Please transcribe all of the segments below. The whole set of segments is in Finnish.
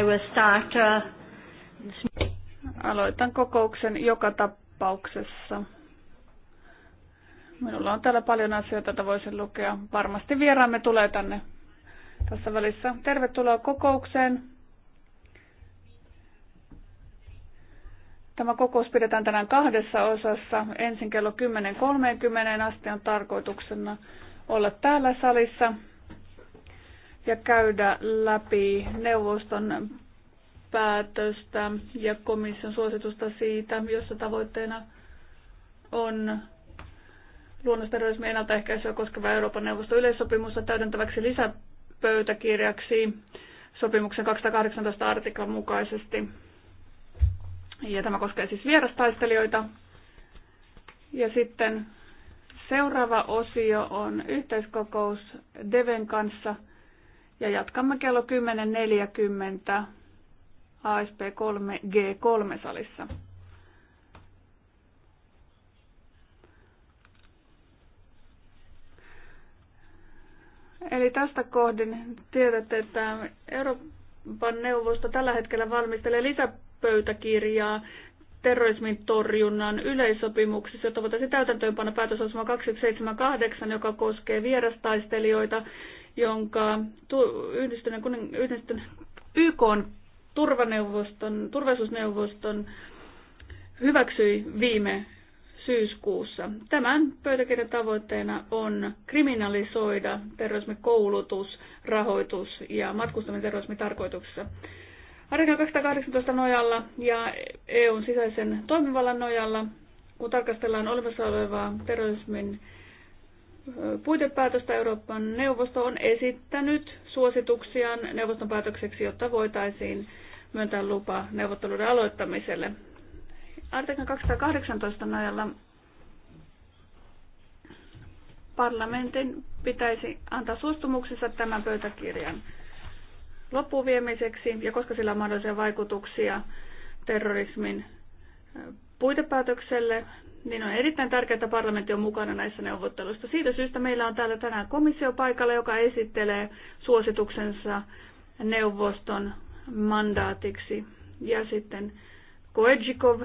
I will start, uh, Aloitan kokouksen joka tapauksessa. Minulla on täällä paljon asioita, joita voisin lukea. Varmasti vieraamme tulee tänne tässä välissä. Tervetuloa kokoukseen. Tämä kokous pidetään tänään kahdessa osassa. Ensin kello 10.30 asti on tarkoituksena olla täällä salissa ja käydä läpi neuvoston päätöstä ja komission suositusta siitä, jossa tavoitteena on luonnosterrorismin ennaltaehkäisyä koskeva Euroopan neuvoston yleissopimusta täydentäväksi lisäpöytäkirjaksi sopimuksen 218 artiklan mukaisesti. Ja tämä koskee siis vierastaistelijoita. Ja sitten seuraava osio on yhteiskokous Deven kanssa – ja jatkamme kello 10.40 ASP3G3-salissa. Eli tästä kohdin tiedätte, että Euroopan neuvosto tällä hetkellä valmistelee lisäpöytäkirjaa terrorismin torjunnan yleissopimuksissa, jotta voitaisiin täytäntöönpanna päätösosuma 278, joka koskee vierastaistelijoita jonka yhdistyneen, yhdistyneen YK on turvaneuvoston, turvallisuusneuvoston hyväksyi viime syyskuussa. Tämän pöytäkirjan tavoitteena on kriminalisoida terrorismikoulutus, rahoitus ja matkustaminen terrorismitarkoituksessa. Artikla 218 nojalla ja EUn sisäisen toimivallan nojalla, kun tarkastellaan olemassa olevaa terrorismin puitepäätöstä Euroopan neuvosto on esittänyt suosituksiaan neuvoston päätökseksi, jotta voitaisiin myöntää lupa neuvotteluiden aloittamiselle. Artiklan 218 nojalla parlamentin pitäisi antaa suostumuksensa tämän pöytäkirjan loppuviemiseksi ja koska sillä on mahdollisia vaikutuksia terrorismin puitepäätökselle, niin on erittäin tärkeää, että parlamentti on mukana näissä neuvotteluissa. Siitä syystä meillä on täällä tänään komissio paikalla, joka esittelee suosituksensa neuvoston mandaatiksi. Ja sitten Koedjikov,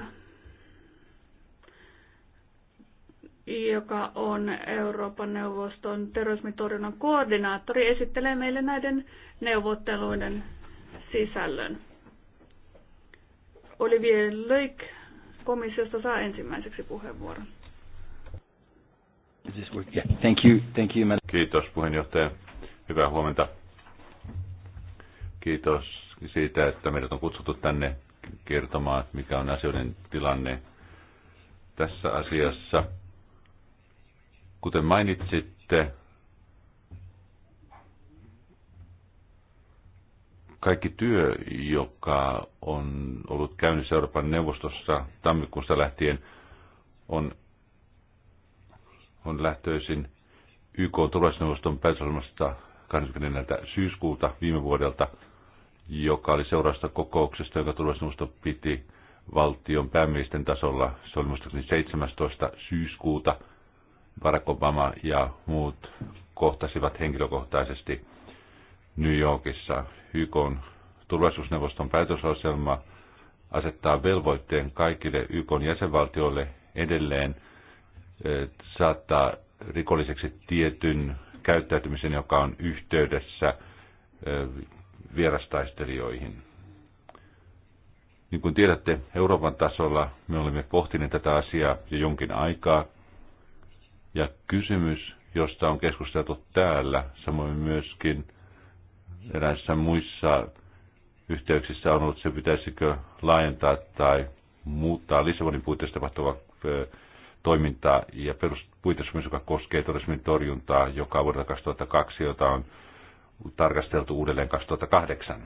joka on Euroopan neuvoston terrorismitorjunnan koordinaattori, esittelee meille näiden neuvotteluiden sisällön. Olivier Leuk, komissiosta saa ensimmäiseksi puheenvuoron. Thank you, thank you, Kiitos puheenjohtaja. Hyvää huomenta. Kiitos siitä, että meidät on kutsuttu tänne kertomaan, mikä on asioiden tilanne tässä asiassa. Kuten mainitsitte, kaikki työ, joka on ollut käynnissä Euroopan neuvostossa tammikuusta lähtien, on, on lähtöisin YK turvallisuusneuvoston päätösohjelmasta 24. syyskuuta viime vuodelta, joka oli seuraavasta kokouksesta, joka turvallisuusneuvosto piti valtion päämiesten tasolla. Se oli muistaakseni 17. syyskuuta. Barack Obama ja muut kohtasivat henkilökohtaisesti – New Yorkissa. YKn turvallisuusneuvoston päätösohjelma asettaa velvoitteen kaikille YKn jäsenvaltioille edelleen saattaa rikolliseksi tietyn käyttäytymisen, joka on yhteydessä vierastaistelijoihin. Niin kuin tiedätte, Euroopan tasolla me olemme pohtineet tätä asiaa jo jonkin aikaa. Ja kysymys, josta on keskusteltu täällä, samoin myöskin – eräissä muissa yhteyksissä on ollut se, pitäisikö laajentaa tai muuttaa Lissabonin puitteissa tapahtuvaa toimintaa ja peruspuitesopimus, joka koskee terrorismin torjuntaa, joka on vuodelta 2002, jota on tarkasteltu uudelleen 2008.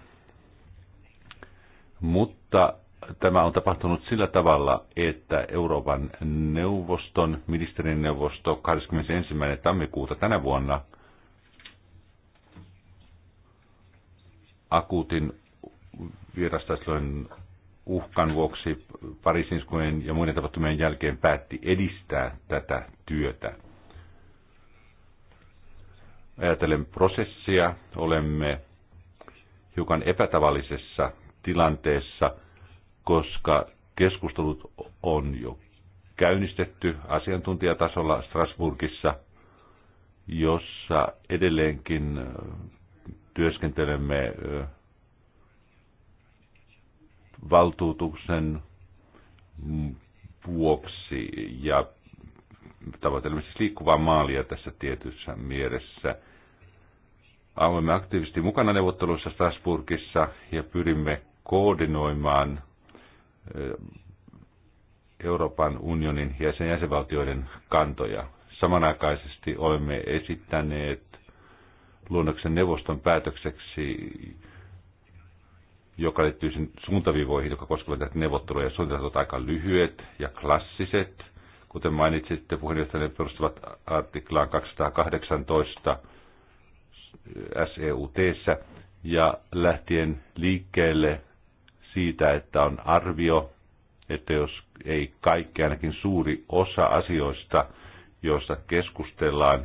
Mutta tämä on tapahtunut sillä tavalla, että Euroopan neuvoston ministerineuvosto 21. tammikuuta tänä vuonna – akuutin vierastaistelun uhkan vuoksi Pariisin ja muiden tapahtumien jälkeen päätti edistää tätä työtä. Ajatellen prosessia, olemme hiukan epätavallisessa tilanteessa, koska keskustelut on jo käynnistetty asiantuntijatasolla Strasbourgissa, jossa edelleenkin työskentelemme valtuutuksen vuoksi ja tavoitelemme siis liikkuvaa maalia tässä tietyssä mielessä. Olemme aktiivisesti mukana neuvotteluissa Strasbourgissa ja pyrimme koordinoimaan Euroopan unionin ja sen jäsenvaltioiden kantoja. Samanaikaisesti olemme esittäneet luonnoksen neuvoston päätökseksi, joka liittyy sen suuntaviivoihin, joka koskevat näitä neuvotteluja. Suunnitelmat ovat aika lyhyet ja klassiset. Kuten mainitsitte, ne perustuvat artiklaan 218 seut ja lähtien liikkeelle siitä, että on arvio, että jos ei kaikki, ainakin suuri osa asioista, joista keskustellaan,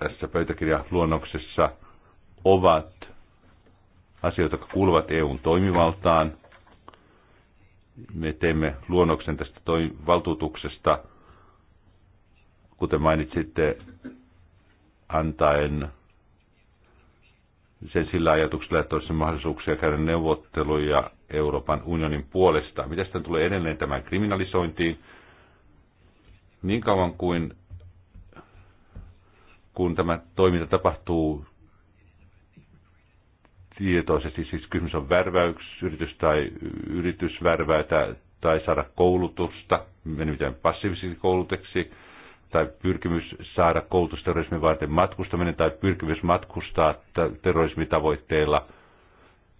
tässä pöytäkirjaluonnoksessa ovat asioita, jotka kuuluvat EUn toimivaltaan. Me teemme luonnoksen tästä valtuutuksesta, kuten mainitsitte, antaen sen sillä ajatuksella, että olisi mahdollisuuksia käydä neuvotteluja Euroopan unionin puolesta. Mitä sitten tulee edelleen tämän kriminalisointiin? Niin kauan kuin kun tämä toiminta tapahtuu tietoisesti, siis kysymys on värväyksyritys tai yritysvärväytä tai saada koulutusta, menemään passiivisiksi kouluteksi, tai pyrkimys saada terrorismin varten matkustaminen tai pyrkimys matkustaa terrorismitavoitteilla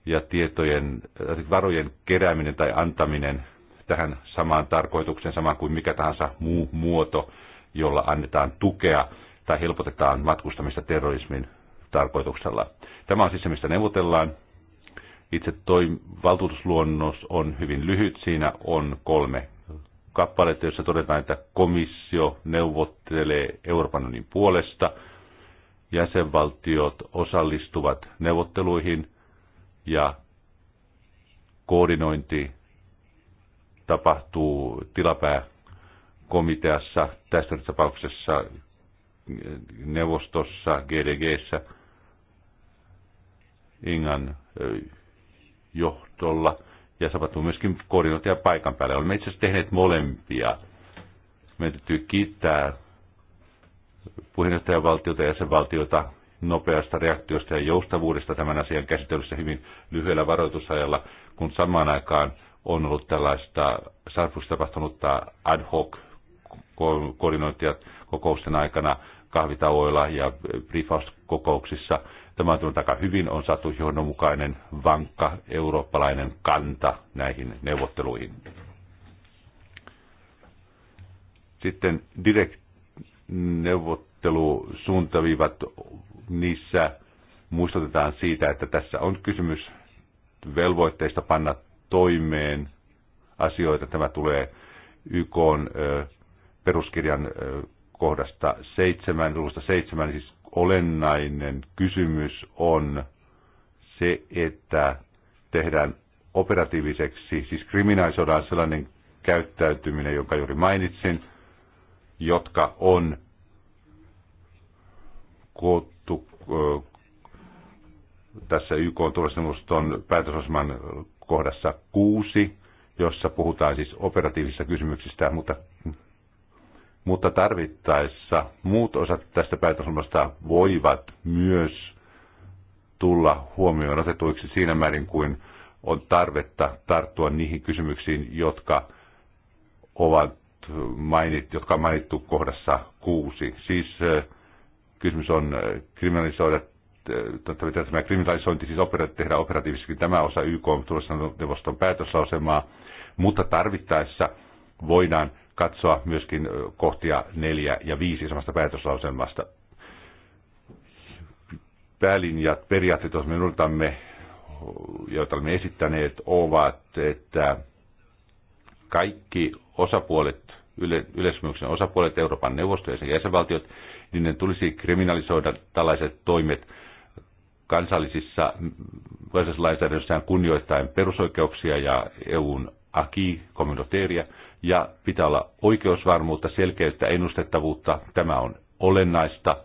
ja tietojen, äh, varojen kerääminen tai antaminen tähän samaan tarkoitukseen, sama kuin mikä tahansa muu muoto, jolla annetaan tukea tai helpotetaan matkustamista terrorismin tarkoituksella. Tämä on siis se, mistä neuvotellaan. Itse toi valtuutusluonnos on hyvin lyhyt. Siinä on kolme kappaletta, jossa todetaan, että komissio neuvottelee Euroopan unionin puolesta, jäsenvaltiot osallistuvat neuvotteluihin ja koordinointi tapahtuu komiteassa Tässä tapauksessa neuvostossa, GDGssä, Ingan johtolla, ja tapahtuu myöskin koordinointia paikan päällä. Olemme itse asiassa tehneet molempia. Meidän täytyy kiittää puheenjohtajavaltiota ja jäsenvaltiota nopeasta reaktiosta ja joustavuudesta tämän asian käsittelyssä hyvin lyhyellä varoitusajalla, kun samaan aikaan on ollut tällaista sarfusta tapahtunutta ad hoc koordinointia kokousten aikana kahvitauoilla ja briefauskokouksissa. Tämä on aika hyvin, on saatu johdonmukainen, vankka eurooppalainen kanta näihin neuvotteluihin. Sitten direkt neuvottelusuuntaviivat, niissä muistutetaan siitä, että tässä on kysymys velvoitteista panna toimeen asioita. Tämä tulee YK peruskirjan kohdasta 7, luvusta 7, siis olennainen kysymys on se, että tehdään operatiiviseksi, siis kriminalisoidaan sellainen käyttäytyminen, jonka juuri mainitsin, jotka on koottu tässä YK turvallisuusneuvoston päätösosman kohdassa kuusi, jossa puhutaan siis operatiivisista kysymyksistä, mutta mutta tarvittaessa muut osat tästä päätösomasta voivat myös tulla huomioon otetuiksi siinä määrin kuin on tarvetta tarttua niihin kysymyksiin, jotka ovat mainit, jotka on mainittu kohdassa kuusi. Siis kysymys on kriminalisoida tämä kriminalisointi, siis opera, tehdä operatiivisesti tämä osa YK on tulossa neuvoston päätöslausemaa, mutta tarvittaessa voidaan katsoa myöskin kohtia neljä ja viisi samasta päätöslauselmasta. Päälinjat, periaatteet, joita me nurtamme, joita olemme esittäneet, ovat, että kaikki osapuolet, yle, yleisömyksen osapuolet, Euroopan neuvosto ja sen jäsenvaltiot, niin ne tulisi kriminalisoida tällaiset toimet kansallisissa lainsäädännössään kunnioittain perusoikeuksia ja EUn aki, kommuniteeria – ja pitää olla oikeusvarmuutta, selkeyttä, ennustettavuutta. Tämä on olennaista.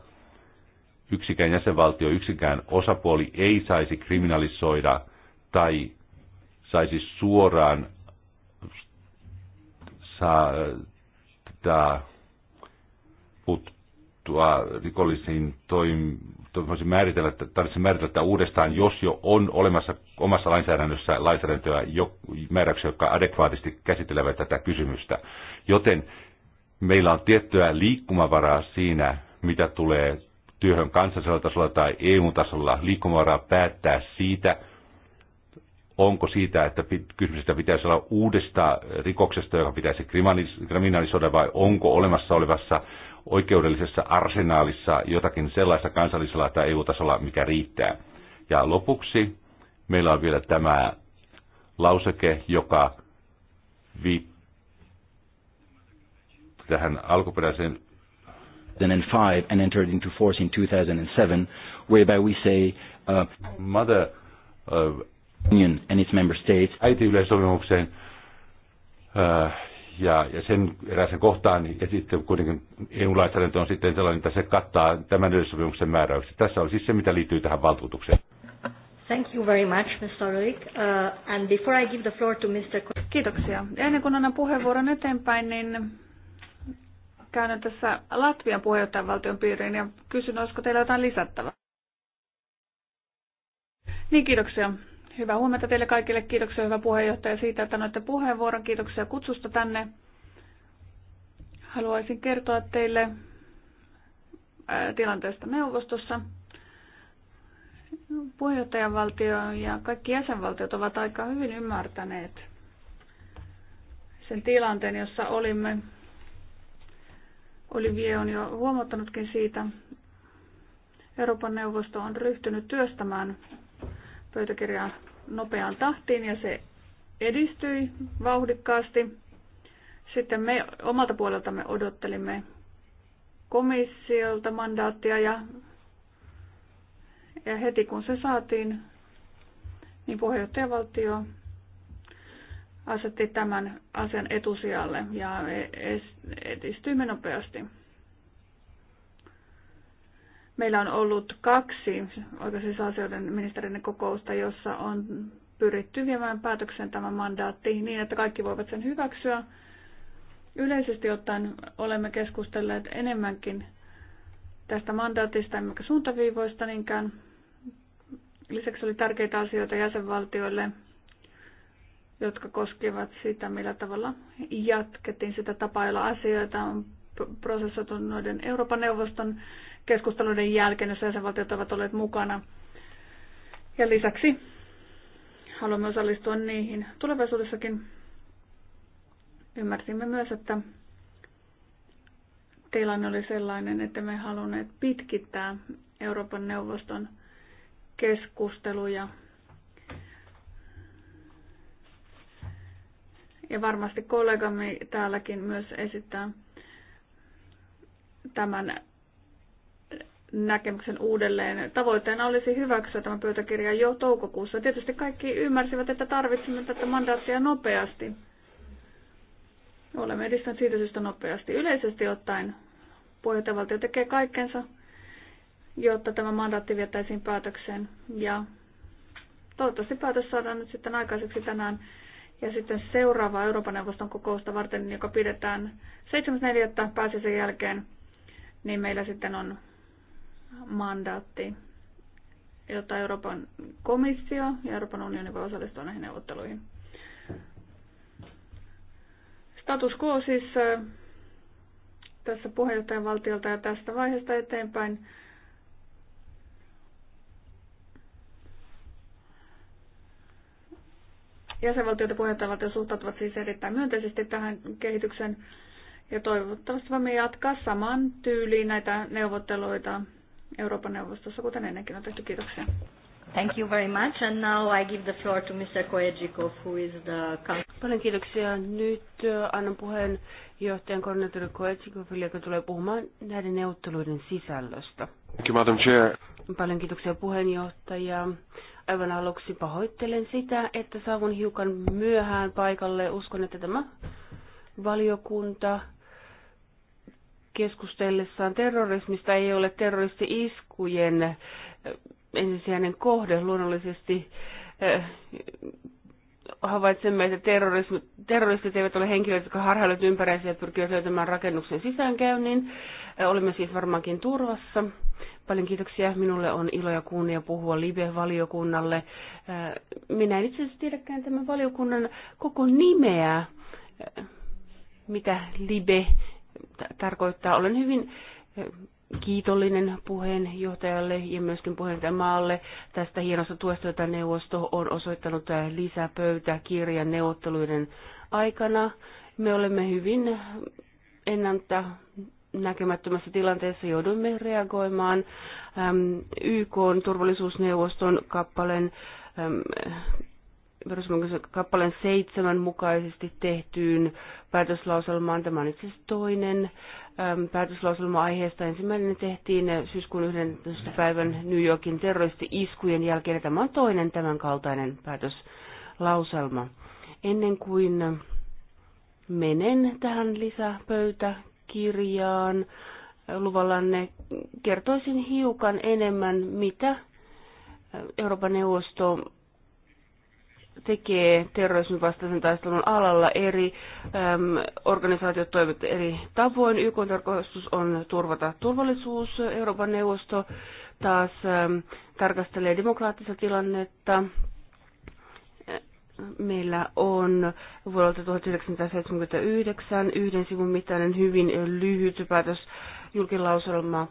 Yksikään jäsenvaltio, yksikään osapuoli ei saisi kriminalisoida tai saisi suoraan saa, äh, tätä puuttua rikollisiin toim- voisin määritellä, tarvitsisi määritellä tätä uudestaan, jos jo on olemassa omassa lainsäädännössä lainsäädäntöä jo määräyksiä, jotka adekvaatisti käsittelevät tätä kysymystä. Joten meillä on tiettyä liikkumavaraa siinä, mitä tulee työhön kansallisella tasolla tai EU-tasolla, liikkumavaraa päättää siitä, onko siitä, että kysymystä pitäisi olla uudesta rikoksesta, joka pitäisi kriminalisoida, vai onko olemassa olevassa oikeudellisessa arsenaalissa jotakin sellaista kansallisella tai EU-tasolla, mikä riittää. Ja lopuksi meillä on vielä tämä lauseke, joka vi tähän alkuperäiseen five and entered into force in 2007, whereby we say uh, mother uh, union and its member states. Äiti yleisopimukseen uh, ja, ja sen eräisen kohtaan, niin- ja sitten kuitenkin EU-lainsäädäntö on sitten sellainen, että se kattaa tämän yleissopimuksen määräykset. Tässä on siis se, mitä liittyy tähän valtuutukseen. Thank you very much, Mr. Ulrich. Uh, and before I give the floor to Mr. Kiitoksia. Ennen kuin annan puheenvuoron eteenpäin, niin käyn tässä Latvian puheenjohtajavaltion piiriin ja kysyn, olisiko teillä jotain lisättävää? Niin, kiitoksia. Hyvää huomenta teille kaikille. Kiitoksia hyvä puheenjohtaja siitä, että annoitte puheenvuoron. Kiitoksia kutsusta tänne. Haluaisin kertoa teille tilanteesta neuvostossa. Puheenjohtajavaltio ja kaikki jäsenvaltiot ovat aika hyvin ymmärtäneet sen tilanteen, jossa olimme. Olivier on jo huomauttanutkin siitä. Euroopan neuvosto on ryhtynyt työstämään pöytäkirjaa nopeaan tahtiin ja se edistyi vauhdikkaasti. Sitten me omalta puoleltamme odottelimme komissiolta mandaattia ja, ja heti kun se saatiin, niin puheenjohtajavaltio asetti tämän asian etusijalle ja e- edistyimme nopeasti. Meillä on ollut kaksi oikeusasioiden ministerin kokousta, jossa on pyritty viemään päätöksen tämä mandaatti niin, että kaikki voivat sen hyväksyä. Yleisesti ottaen olemme keskustelleet enemmänkin tästä mandaatista emmekä suuntaviivoista niinkään. Lisäksi oli tärkeitä asioita jäsenvaltioille, jotka koskevat sitä, millä tavalla jatkettiin sitä tapailla asioita on prosessoitu noiden Euroopan neuvoston keskusteluiden jälkeen, jossa jäsenvaltiot ovat olleet mukana. Ja lisäksi haluamme osallistua niihin tulevaisuudessakin. Ymmärsimme myös, että tilanne oli sellainen, että me halunneet pitkittää Euroopan neuvoston keskusteluja. Ja varmasti kollegamme täälläkin myös esittää tämän näkemyksen uudelleen. Tavoitteena olisi hyväksyä tämä pöytäkirja jo toukokuussa. Tietysti kaikki ymmärsivät, että tarvitsemme tätä mandaattia nopeasti. Olemme edistäneet siitä syystä nopeasti. Yleisesti ottaen puheenjohtajavaltio tekee kaikkensa, jotta tämä mandaatti vietäisiin päätökseen. Ja toivottavasti päätös saadaan nyt sitten aikaiseksi tänään ja sitten seuraava Euroopan neuvoston kokousta varten, joka pidetään 7.4. pääsiäisen jälkeen, niin meillä sitten on mandaatti, jotta Euroopan komissio ja Euroopan unioni voi osallistua näihin neuvotteluihin. Status quo siis tässä puheenjohtajavaltiolta ja tästä vaiheesta eteenpäin. ja puheenjohtajavaltio suhtautuvat siis erittäin myönteisesti tähän kehitykseen ja toivottavasti voimme jatkaa saman tyyliin näitä neuvotteluita Euroopan neuvostossa, kuten ennenkin on tehty. Kiitoksia. Thank you very much. And now I give the floor to Mr. Koejikov, who is the... Paljon kiitoksia. Nyt äh, annan johtajan koordinaattori Koejikoville, joka tulee puhumaan näiden neuvotteluiden sisällöstä. Thank you, Madam Chair. Paljon kiitoksia puheenjohtaja. Aivan aluksi pahoittelen sitä, että saavun hiukan myöhään paikalle. Uskon, että tämä valiokunta keskustellessaan terrorismista ei ole terroristi-iskujen eh, ensisijainen kohde. Luonnollisesti eh, havaitsemme, että terroristit eivät ole henkilöitä, jotka harhailevat ympäräisiä ja pyrkivät löytämään rakennuksen sisäänkäynnin. Eh, olemme siis varmaankin turvassa. Paljon kiitoksia. Minulle on ilo ja kunnia puhua Libe-valiokunnalle. Minä en itse asiassa tiedäkään tämän valiokunnan koko nimeä, mitä Libe tarkoittaa. Olen hyvin eh, kiitollinen puheenjohtajalle ja myöskin puheenjohtajamaalle tästä hienosta tuesta, jota neuvosto on osoittanut eh, kirjan neuvotteluiden aikana. Me olemme hyvin ennalta näkemättömässä tilanteessa joudumme reagoimaan äm, YK on turvallisuusneuvoston kappaleen, kappaleen seitsemän mukaisesti tehtyyn päätöslauselmaan. Tämä on itse asiassa toinen ähm, päätöslauselma aiheesta. Ensimmäinen tehtiin äh, syyskuun 11. päivän New Yorkin terroristi-iskujen jälkeen. Tämä on toinen tämänkaltainen päätöslauselma. Ennen kuin menen tähän lisäpöytäkirjaan, äh, luvallanne kertoisin hiukan enemmän, mitä äh, Euroopan neuvosto tekee terrorismin vastaisen taistelun alalla. Eri äm, organisaatiot toimivat eri tavoin. YK tarkoitus on turvata turvallisuus. Euroopan neuvosto taas äm, tarkastelee demokraattista tilannetta. Meillä on vuodelta 1979 yhden sivun mittainen hyvin lyhyt päätös julkilauselma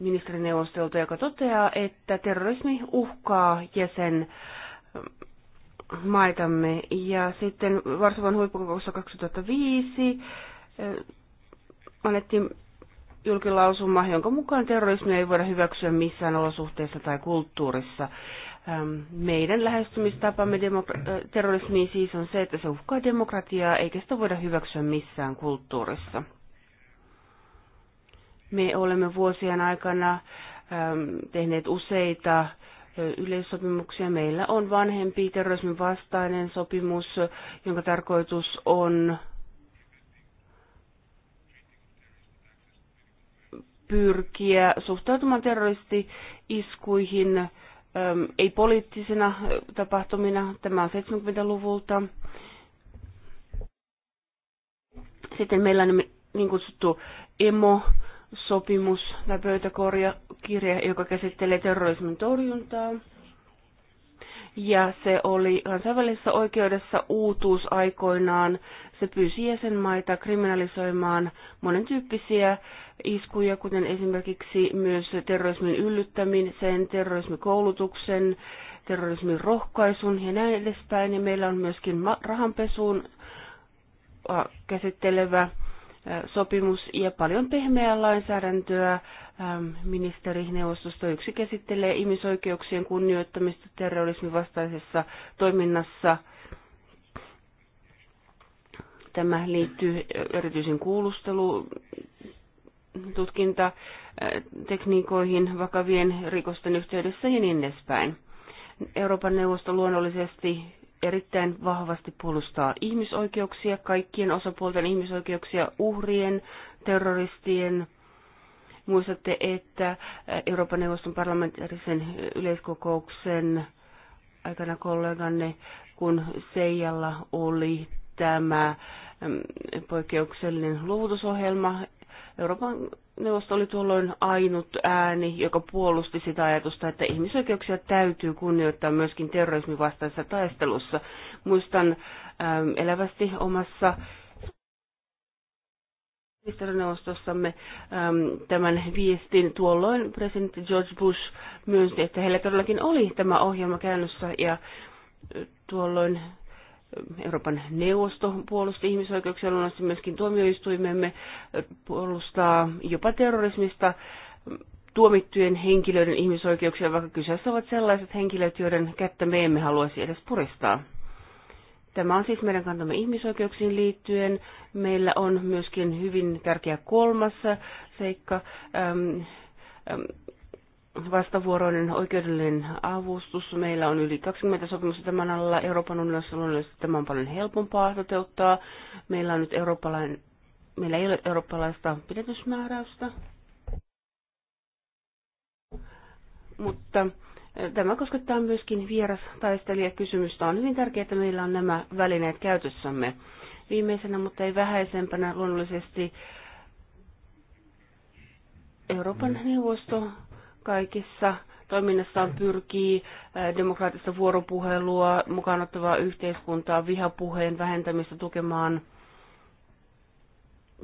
ministerineuvostolta, joka toteaa, että terrorismi uhkaa jäsen maitamme. Ja sitten Varsovan huippukokouksessa 2005 eh, annettiin julkilausuma, jonka mukaan terrorismi ei voida hyväksyä missään olosuhteissa tai kulttuurissa. Ehm, meidän lähestymistapamme eh, terrorismiin siis on se, että se uhkaa demokratiaa, eikä sitä voida hyväksyä missään kulttuurissa. Me olemme vuosien aikana ehm, tehneet useita yleissopimuksia. Meillä on vanhempi terrorismin vastainen sopimus, jonka tarkoitus on pyrkiä suhtautumaan terroristi-iskuihin ei poliittisina tapahtumina. Tämä on 70-luvulta. Sitten meillä on niin kutsuttu emo sopimus tai pöytäkirja, joka käsittelee terrorismin torjuntaa. Ja se oli kansainvälisessä oikeudessa uutuus aikoinaan. Se pyysi jäsenmaita kriminalisoimaan monentyyppisiä iskuja, kuten esimerkiksi myös terrorismin yllyttämisen, terrorismikoulutuksen, terrorismin rohkaisun ja näin edespäin. Ja meillä on myöskin rahanpesuun käsittelevä sopimus ja paljon pehmeää lainsäädäntöä ähm, ministerineuvostosta. Yksi käsittelee ihmisoikeuksien kunnioittamista terrorismin vastaisessa toiminnassa. Tämä liittyy erityisen kuulustelu tutkintatekniikoihin äh, vakavien rikosten yhteydessä ja niin edespäin. Euroopan neuvosto luonnollisesti erittäin vahvasti puolustaa ihmisoikeuksia, kaikkien osapuolten ihmisoikeuksia, uhrien, terroristien. Muistatte, että äh, Euroopan neuvoston parlamentaarisen yleiskokouksen aikana kolleganne, kun Seijalla oli tämä mm, poikkeuksellinen luovutusohjelma, Euroopan neuvosto oli tuolloin ainut ääni, joka puolusti sitä ajatusta, että ihmisoikeuksia täytyy kunnioittaa myöskin terrorismin vastaisessa taistelussa. Muistan ähm, elävästi omassa ministerineuvostossamme ähm, tämän viestin. Tuolloin presidentti George Bush myönsi, että heillä todellakin oli tämä ohjelma käynnissä ja äh, tuolloin Euroopan neuvosto puolusti ihmisoikeuksia luonnollisesti myöskin tuomioistuimemme puolustaa jopa terrorismista tuomittujen henkilöiden ihmisoikeuksia, vaikka kyseessä ovat sellaiset henkilöt, joiden kättä me emme haluaisi edes puristaa. Tämä on siis meidän kantamme ihmisoikeuksiin liittyen. Meillä on myöskin hyvin tärkeä kolmas seikka, Ähm, ähm, vastavuoroinen oikeudellinen avustus. Meillä on yli 20 sopimusta tämän alalla. Euroopan unionissa luonnollisesti tämä on paljon helpompaa toteuttaa. Meillä on nyt eurooppalainen, meillä ei ole eurooppalaista pidetysmääräystä. Mutta eh, tämä koskettaa myöskin vierastaistelijakysymystä. On hyvin tärkeää, että meillä on nämä välineet käytössämme. Viimeisenä, mutta ei vähäisempänä luonnollisesti Euroopan mm. neuvosto kaikissa toiminnassaan pyrkii demokraattista vuoropuhelua, ottavaa yhteiskuntaa, vihapuheen vähentämistä tukemaan.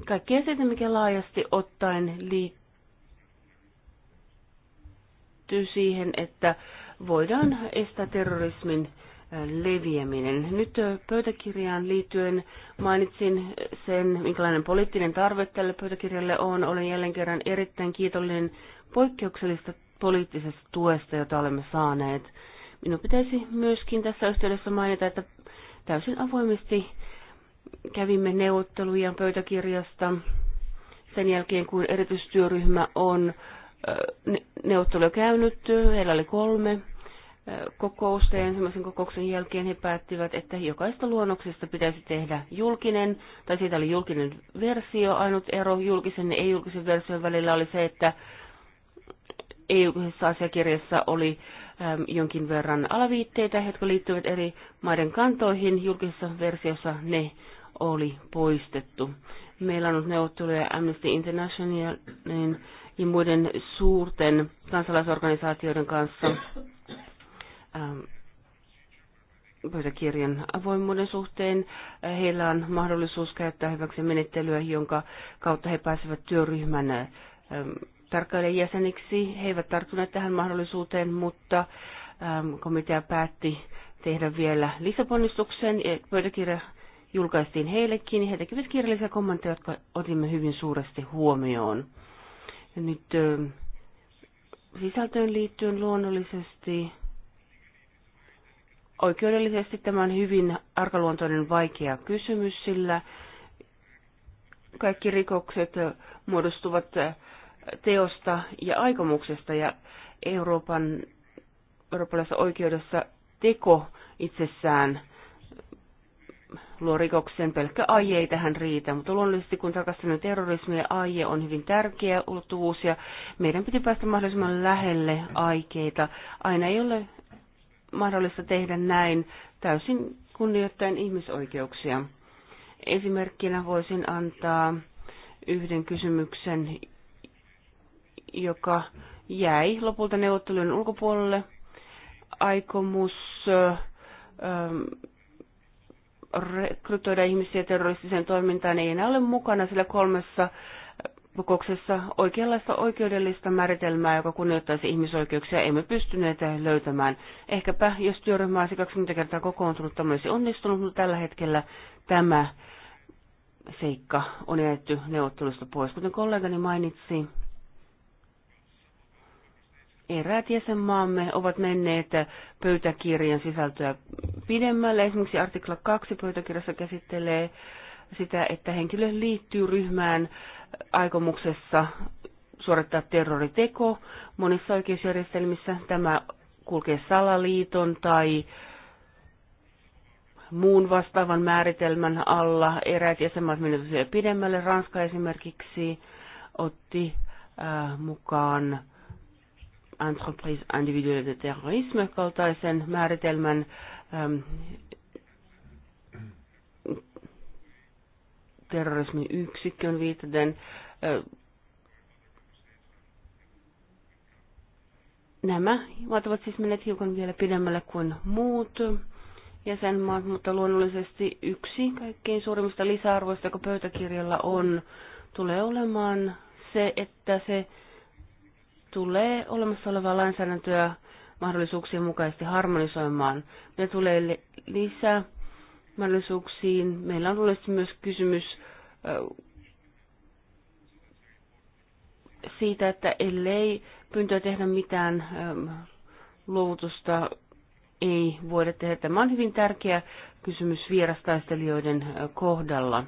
Kaikkea sitä, mikä laajasti ottaen liittyy siihen, että voidaan estää terrorismin leviäminen. Nyt pöytäkirjaan liittyen mainitsin sen, minkälainen poliittinen tarve tälle pöytäkirjalle on. Olen jälleen kerran erittäin kiitollinen poikkeuksellista poliittisesta tuesta, jota olemme saaneet. Minun pitäisi myöskin tässä yhteydessä mainita, että täysin avoimesti kävimme neuvotteluja pöytäkirjasta sen jälkeen, kun erityistyöryhmä on neuvotteluja käynyt. Heillä oli kolme kokousta ja ensimmäisen kokouksen jälkeen he päättivät, että jokaista luonnoksesta pitäisi tehdä julkinen, tai siitä oli julkinen versio. Ainut ero julkisen ja ei-julkisen version välillä oli se, että ei-julkisessa asiakirjassa oli äm, jonkin verran alaviitteitä, jotka liittyvät eri maiden kantoihin. Julkisessa versiossa ne oli poistettu. Meillä on ollut neuvotteluja Amnesty Internationalin ja muiden suurten kansalaisorganisaatioiden kanssa. Ähm, pöytäkirjan avoimuuden suhteen. Heillä on mahdollisuus käyttää hyväksi menettelyä, jonka kautta he pääsevät työryhmän ähm, tarkkailijan jäseniksi. He eivät tarttuneet tähän mahdollisuuteen, mutta ähm, komitea päätti tehdä vielä lisäponnistuksen. Pöytäkirja julkaistiin heillekin. He tekivät kirjallisia kommentteja, jotka otimme hyvin suuresti huomioon. Nyt sisältöön liittyen luonnollisesti Oikeudellisesti tämä on hyvin arkaluontoinen vaikea kysymys, sillä kaikki rikokset muodostuvat teosta ja aikomuksesta ja Euroopan, eurooppalaisessa oikeudessa teko itsessään luo rikoksen. Pelkkä aie ei tähän riitä, mutta luonnollisesti kun tarkastelemme terrorismia, aie on hyvin tärkeä ulottuvuus ja meidän piti päästä mahdollisimman lähelle aikeita. Aina ei ole mahdollista tehdä näin täysin kunnioittain ihmisoikeuksia. Esimerkkinä voisin antaa yhden kysymyksen, joka jäi lopulta neuvottelujen ulkopuolelle. Aikomus ähm, rekrytoida ihmisiä terroristiseen toimintaan ei enää ole mukana, sillä kolmessa kokouksessa oikeanlaista oikeudellista määritelmää, joka kunnioittaisi ihmisoikeuksia, emme pystyneet löytämään. Ehkäpä, jos työryhmä olisi 20 kertaa kokoontunut, tämä olisi onnistunut, mutta tällä hetkellä tämä seikka on jätetty neuvottelusta pois. Kuten kollegani mainitsi, eräät jäsenmaamme ovat menneet pöytäkirjan sisältöä pidemmälle. Esimerkiksi artikla 2 pöytäkirjassa käsittelee sitä, että henkilö liittyy ryhmään aikomuksessa suorittaa terroriteko. Monissa oikeusjärjestelmissä tämä kulkee salaliiton tai muun vastaavan määritelmän alla. Eräät jäsenmaat menivät vielä pidemmälle. Ranska esimerkiksi otti äh, mukaan entreprise individuelle de terrorisme kaltaisen määritelmän ähm, terrorismin yksikön viitaten. Nämä maat ovat siis menneet hiukan vielä pidemmälle kuin muut jäsenmaat, mutta luonnollisesti yksi kaikkein suurimmista lisäarvoista, joka pöytäkirjalla on, tulee olemaan se, että se tulee olemassa olevaa lainsäädäntöä mahdollisuuksien mukaisesti harmonisoimaan. Ne tulee lisää mahdollisuuksiin. Meillä on luultavasti myös kysymys siitä, että ellei pyyntöä tehdä mitään luovutusta, ei voida tehdä. Tämä on hyvin tärkeä kysymys vierastaistelijoiden kohdalla.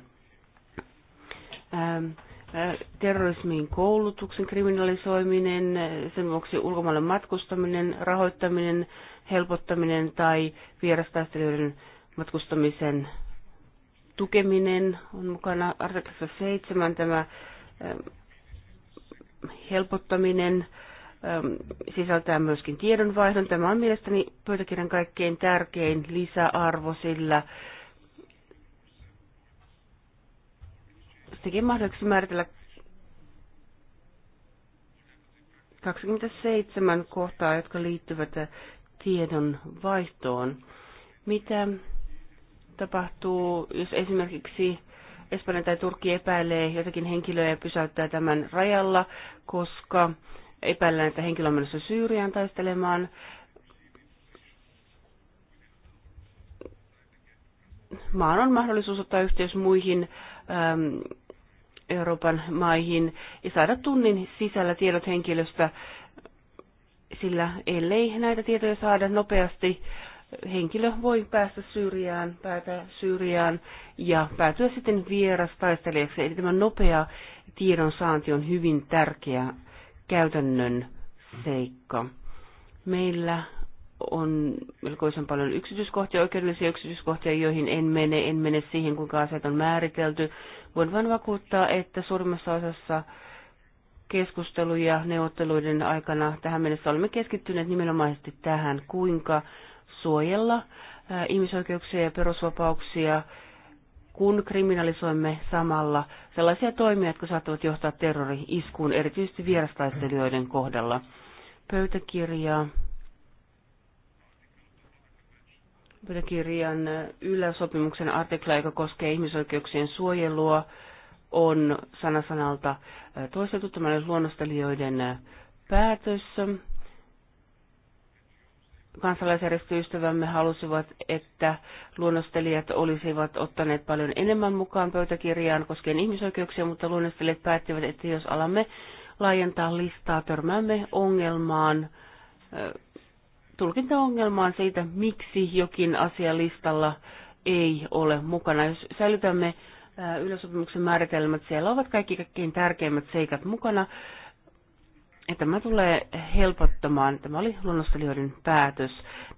Terrorismin koulutuksen kriminalisoiminen, sen vuoksi ulkomaille matkustaminen, rahoittaminen, helpottaminen tai vierastaistelijoiden matkustamisen tukeminen on mukana. Artiklassa 7 tämä ähm, helpottaminen ähm, sisältää myöskin tiedonvaihdon. Tämä on mielestäni pöytäkirjan kaikkein tärkein lisäarvo, sillä sekin mahdollisesti määritellä 27 kohtaa, jotka liittyvät tiedonvaihtoon. Mitä tapahtuu, jos esimerkiksi Espanja tai Turkki epäilee jotakin henkilöä ja pysäyttää tämän rajalla, koska epäillään, että henkilö on menossa Syyriaan taistelemaan. Maan on mahdollisuus ottaa yhteys muihin äm, Euroopan maihin ja saada tunnin sisällä tiedot henkilöstä, sillä ellei näitä tietoja saada nopeasti, henkilö voi päästä syrjään, päätä syrjään ja päätyä sitten vierastaistelijaksi. Eli tämä nopea tiedon saanti on hyvin tärkeä käytännön seikka. Meillä on melkoisen paljon yksityiskohtia, oikeudellisia yksityiskohtia, joihin en mene, en mene siihen, kuinka asiat on määritelty. Voin vain vakuuttaa, että suurimmassa osassa keskusteluja neuvotteluiden aikana tähän mennessä olemme keskittyneet nimenomaisesti tähän, kuinka suojella ihmisoikeuksia ja perusvapauksia, kun kriminalisoimme samalla sellaisia toimia, jotka saattavat johtaa terrori-iskuun, erityisesti vierastaistelijoiden kohdalla. Pöytäkirjaa. Pöytäkirjan yläsopimuksen artikla, joka koskee ihmisoikeuksien suojelua, on sanasanalta toistettu tämän luonnostelijoiden päätös kansalaisjärjestöystävämme halusivat, että luonnostelijat olisivat ottaneet paljon enemmän mukaan pöytäkirjaan koskien ihmisoikeuksia, mutta luonnostelijat päättivät, että jos alamme laajentaa listaa, törmäämme ongelmaan, tulkintaongelmaan siitä, miksi jokin asia listalla ei ole mukana. Jos säilytämme yleisopimuksen määritelmät, siellä ovat kaikki kaikkein tärkeimmät seikat mukana. Ja tämä tulee helpottamaan, tämä oli luonnostelijoiden päätös,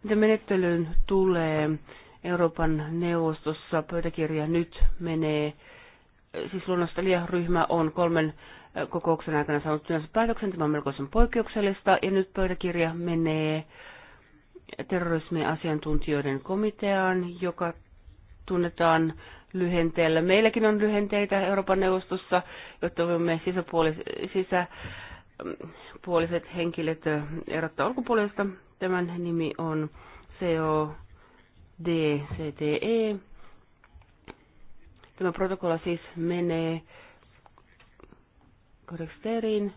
mitä menettelyyn tulee Euroopan neuvostossa, pöytäkirja nyt menee, siis luonnostelijaryhmä on kolmen kokouksen aikana saanut työnsä päätöksen, tämä on melkoisen poikkeuksellista, ja nyt pöytäkirja menee terrorismiasiantuntijoiden komiteaan, joka tunnetaan lyhenteellä. Meilläkin on lyhenteitä Euroopan neuvostossa, jotta voimme sisäpuolisissa sisä, puoliset henkilöt erottaa ulkopuolesta. Tämän nimi on CODCTE. Tämä protokolla siis menee kodeksteriin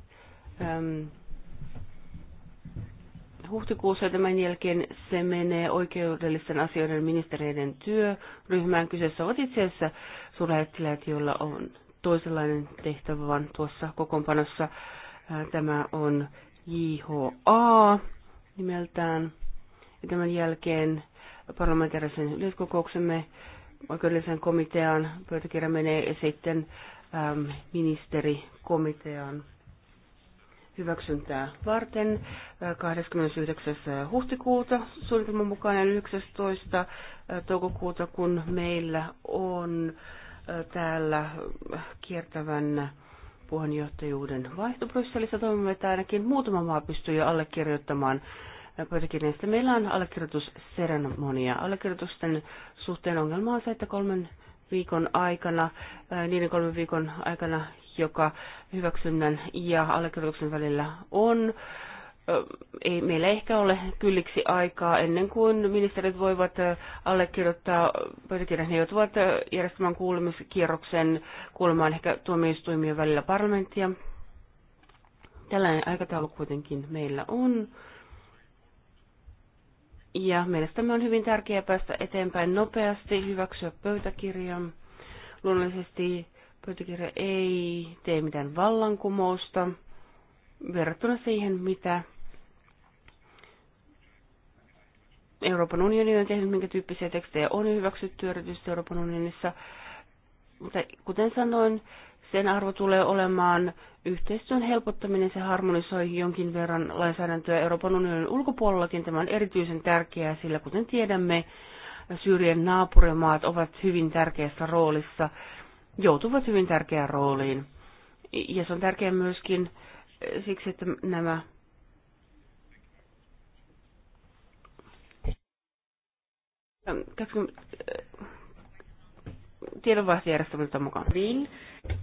ähm, huhtikuussa ja tämän jälkeen se menee oikeudellisten asioiden ministereiden työryhmään. Kyseessä ovat itse asiassa suurlähettiläät, joilla on toisenlainen tehtävä, vaan tuossa kokoonpanossa Tämä on JHA nimeltään. Ja tämän jälkeen parlamentaarisen yleiskokouksemme oikeudellisen komitean pöytäkirja menee ja sitten äm, ministerikomitean hyväksyntää varten 29. huhtikuuta suunnitelman mukaan ja 19. toukokuuta, kun meillä on täällä kiertävän puheenjohtajuuden vaihto Brysselissä. Toivomme, että ainakin muutama maa pystyy jo allekirjoittamaan pöytäkirjasta. Meillä on allekirjoitusseremonia. Allekirjoitusten suhteen ongelma on se, että kolmen viikon aikana, niiden kolmen viikon aikana, joka hyväksynnän ja allekirjoituksen välillä on, ei meillä ehkä ole kylliksi aikaa ennen kuin ministerit voivat allekirjoittaa pöytäkirjan. He joutuvat järjestämään kuulemiskierroksen kuulemaan ehkä tuomioistuimien välillä parlamenttia. Tällainen aikataulu kuitenkin meillä on. Ja mielestäni on hyvin tärkeää päästä eteenpäin nopeasti, hyväksyä pöytäkirja. Luonnollisesti pöytäkirja ei tee mitään vallankumousta verrattuna siihen, mitä Euroopan unioni on tehnyt, minkä tyyppisiä tekstejä on hyväksytty erityisesti Euroopan unionissa. Mutta kuten sanoin, sen arvo tulee olemaan yhteistyön helpottaminen. Se harmonisoi jonkin verran lainsäädäntöä Euroopan unionin ulkopuolellakin. Tämä on erityisen tärkeää, sillä kuten tiedämme, Syyrien naapurimaat ovat hyvin tärkeässä roolissa, joutuvat hyvin tärkeään rooliin. Ja se on tärkeää myöskin siksi, että nämä Ähm, äh, tiedonvaihtojärjestelmältä mukaan.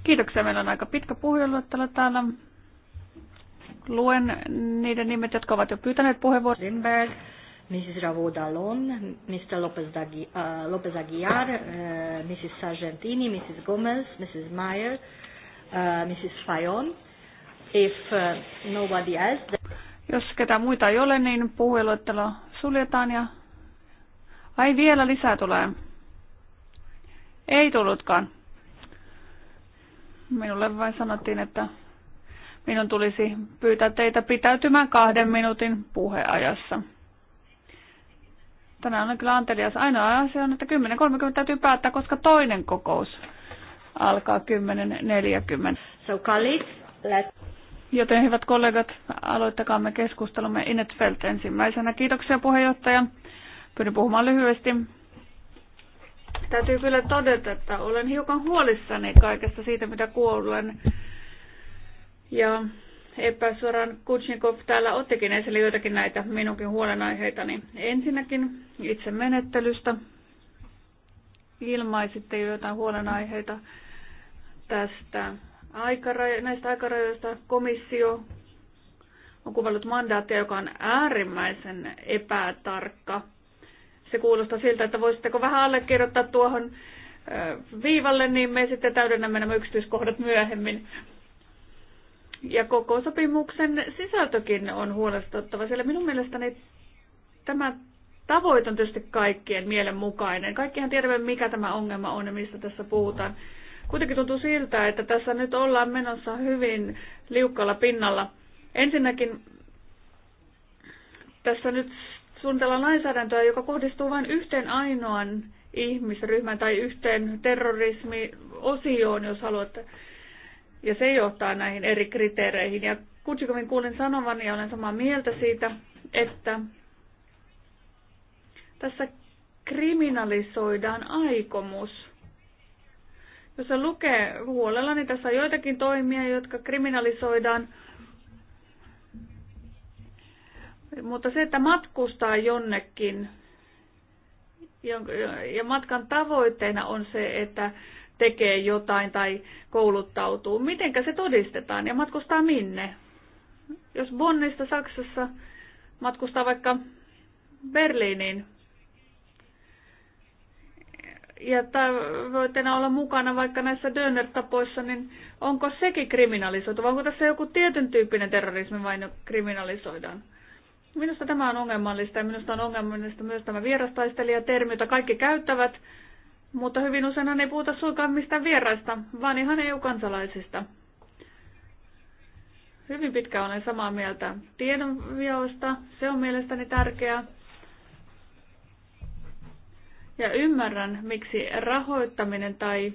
Kiitoksia. Meillä on aika pitkä puheenluettelo täällä. Luen niiden nimet, jotka ovat jo pyytäneet puheenvuoron. Lindberg, Mrs. Ravoudalon, Mr. Lopez, Dagi, äh, Aguiar, äh, Mrs. Sargentini, Mrs. Gomez, Mrs. Meyer, Mrs. Fayon. If nobody else, Jos ketään muita ei ole, niin puheenluettelo suljetaan ja Ai vielä lisää tulee. Ei tullutkaan. Minulle vain sanottiin, että minun tulisi pyytää teitä pitäytymään kahden minuutin puheajassa. Tänään on kyllä antelias. Ainoa asia on, että 10.30 täytyy päättää, koska toinen kokous alkaa 10.40. So Joten hyvät kollegat, aloittakaamme keskustelumme Inet ensimmäisenä. Kiitoksia puheenjohtaja. Pyydän puhumaan lyhyesti. Täytyy kyllä todeta, että olen hiukan huolissani kaikesta siitä, mitä kuulen. Ja epäsuoran Kutsnikov täällä ottikin esille joitakin näitä minunkin huolenaiheitani. Ensinnäkin itse menettelystä ilmaisitte jo jotain huolenaiheita tästä aikarajo- näistä aikarajoista. Komissio on kuvannut mandaattia, joka on äärimmäisen epätarkka se kuulostaa siltä, että voisitteko vähän allekirjoittaa tuohon viivalle, niin me sitten täydennämme nämä yksityiskohdat myöhemmin. Ja koko sopimuksen sisältökin on huolestuttava, sillä minun mielestäni tämä tavoite on tietysti kaikkien mielen mukainen. Kaikkihan tiedämme, mikä tämä ongelma on ja mistä tässä puhutaan. Kuitenkin tuntuu siltä, että tässä nyt ollaan menossa hyvin liukkalla pinnalla. Ensinnäkin tässä nyt suunnitella lainsäädäntöä, joka kohdistuu vain yhteen ainoan ihmisryhmän tai yhteen terrorismiosioon, jos haluatte. Ja se johtaa näihin eri kriteereihin. Ja Kutsikovin kuulin sanovan ja olen samaa mieltä siitä, että tässä kriminalisoidaan aikomus. Jos se lukee huolella, niin tässä on joitakin toimia, jotka kriminalisoidaan mutta se, että matkustaa jonnekin ja matkan tavoitteena on se, että tekee jotain tai kouluttautuu. Mitenkä se todistetaan ja matkustaa minne? Jos Bonnista Saksassa matkustaa vaikka Berliiniin ja tavoitteena olla mukana vaikka näissä döner tapoissa niin onko sekin kriminalisoitu vai onko tässä joku tietyn tyyppinen terrorismi vain kriminalisoidaan? Minusta tämä on ongelmallista ja minusta on ongelmallista myös tämä vierastaistelijatermi, jota kaikki käyttävät, mutta hyvin usein ei puhuta suinkaan mistään vieraista, vaan ihan EU-kansalaisista. Hyvin pitkään olen samaa mieltä tiedonviosta, se on mielestäni tärkeää. Ja ymmärrän, miksi rahoittaminen tai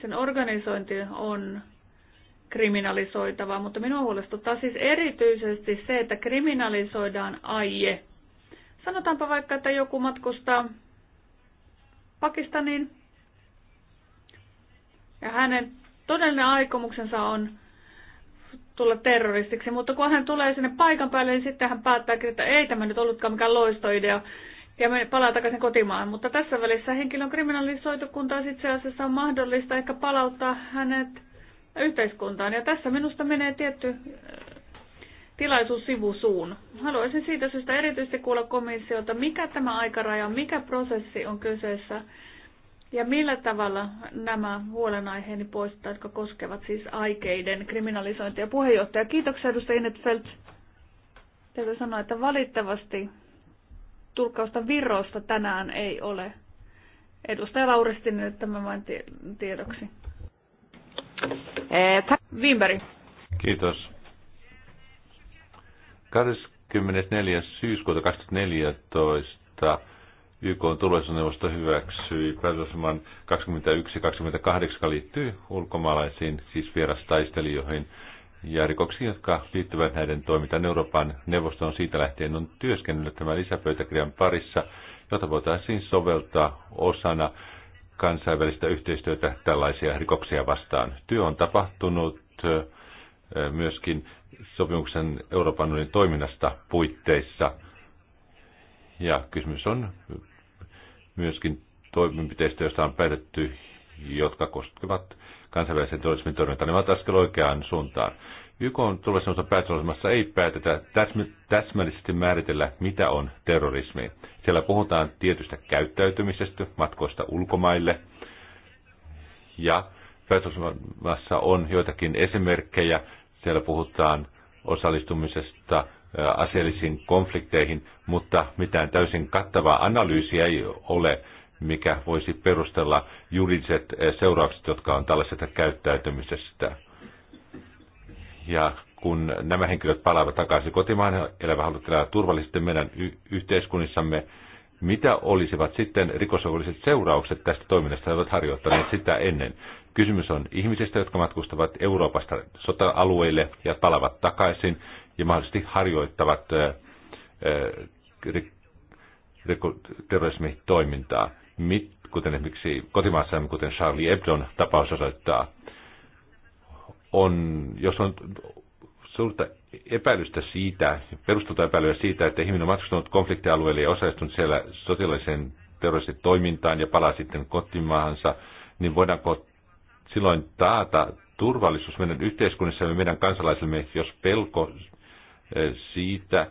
sen organisointi on kriminalisoitava, mutta minua huolestuttaa siis erityisesti se, että kriminalisoidaan aie. Sanotaanpa vaikka, että joku matkustaa Pakistaniin ja hänen todellinen aikomuksensa on tulla terroristiksi, mutta kun hän tulee sinne paikan päälle, niin sitten hän päättää, että ei tämä nyt ollutkaan mikään loistoidea ja palaa takaisin kotimaan. Mutta tässä välissä henkilö on kriminalisoitu, kun taas itse asiassa on mahdollista ehkä palauttaa hänet yhteiskuntaan. Ja tässä minusta menee tietty äh, tilaisuus sivusuun. Haluaisin siitä syystä erityisesti kuulla komissiota, mikä tämä aikaraja, mikä prosessi on kyseessä ja millä tavalla nämä huolenaiheeni poistetaan, jotka koskevat siis aikeiden kriminalisointia. Puheenjohtaja, kiitoksia edustaja Inetfeldt. Täytyy sanoa, että valitettavasti tulkkausta Virosta tänään ei ole. Edustaja että tämä vain tiedoksi. Eh, Wimberg. Kiitos. 24. syyskuuta 2014 YK on turvallisuusneuvosto hyväksyi päätösman 21-28, joka liittyy ulkomaalaisiin, siis vierastaistelijoihin ja rikoksiin, jotka liittyvät näiden toimintaan. Euroopan neuvosto on siitä lähtien on työskennellyt tämän lisäpöytäkirjan parissa, jota voitaisiin soveltaa osana kansainvälistä yhteistyötä tällaisia rikoksia vastaan. Työ on tapahtunut myöskin sopimuksen Euroopan unionin toiminnasta puitteissa. Ja kysymys on myöskin toimenpiteistä, joista on päätetty, jotka koskevat kansainvälisen terrorismin torjuntaa. Ne ovat askel oikeaan suuntaan. YK on tulossa päätöslausumassa ei päätetä täsmällisesti määritellä, mitä on terrorismi. Siellä puhutaan tietystä käyttäytymisestä, matkoista ulkomaille. Ja päätöslausumassa on joitakin esimerkkejä. Siellä puhutaan osallistumisesta aseellisiin konflikteihin, mutta mitään täysin kattavaa analyysiä ei ole, mikä voisi perustella juridiset seuraukset, jotka on tällaisesta käyttäytymisestä ja kun nämä henkilöt palaavat takaisin kotimaan, ja elävät haluavat elää turvallisesti meidän y- yhteiskunnissamme, mitä olisivat sitten rikosoikeudelliset seuraukset tästä toiminnasta, jotka ovat harjoittaneet sitä ennen. Kysymys on ihmisistä, jotka matkustavat Euroopasta sota-alueille ja palavat takaisin ja mahdollisesti harjoittavat ää, riko- terrorismitoimintaa, Mit, kuten esimerkiksi kotimaassa, kuten Charlie Hebdon tapaus osoittaa on, jos on suurta epäilystä siitä, perusteltua epäilyä siitä, että ihminen on matkustanut konfliktialueelle ja osallistunut siellä sotilaiseen terroristitoimintaan ja palaa sitten kotimaahansa, niin voidaanko silloin taata turvallisuus meidän yhteiskunnassa ja meidän kansalaisillemme, jos pelko eh, siitä,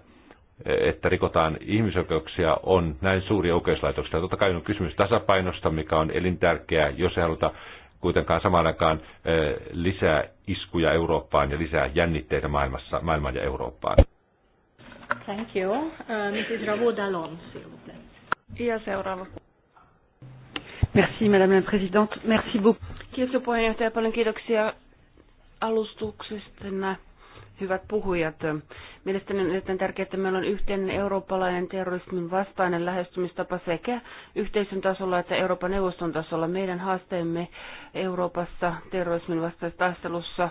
eh, että rikotaan ihmisoikeuksia, on näin suuri oikeuslaitoksia. Totta kai on kysymys tasapainosta, mikä on elintärkeää, jos ei haluta kuitenkaan samaan aikaan eh, lisää iskuja Eurooppaan ja lisää jännitteitä maailmassa, maailman ja Eurooppaan. Thank you. Uh, Mrs. Ravo Dallon, Ja seuraava. Merci, Madame la Présidente. Merci beaucoup. Kiitos puheenjohtaja, paljon kiitoksia alustuksesta hyvät puhujat. Mielestäni on erittäin tärkeää, että meillä on yhteinen eurooppalainen terrorismin vastainen lähestymistapa sekä yhteisön tasolla että Euroopan neuvoston tasolla. Meidän haasteemme Euroopassa terrorismin vastaisessa taistelussa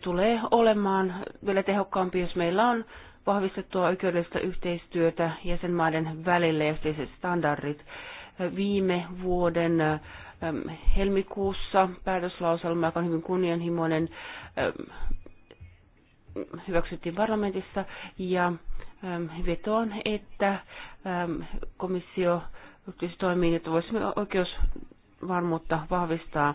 tulee olemaan vielä tehokkaampi, jos meillä on vahvistettua oikeudellista yhteistyötä jäsenmaiden välillä ja yhteiset standardit. Viime vuoden helmikuussa päätöslauselma, joka on hyvin kunnianhimoinen, hyväksyttiin parlamentissa ja ähm, vetoan, että ähm, komissio toimii, että voisimme oikeusvarmuutta vahvistaa.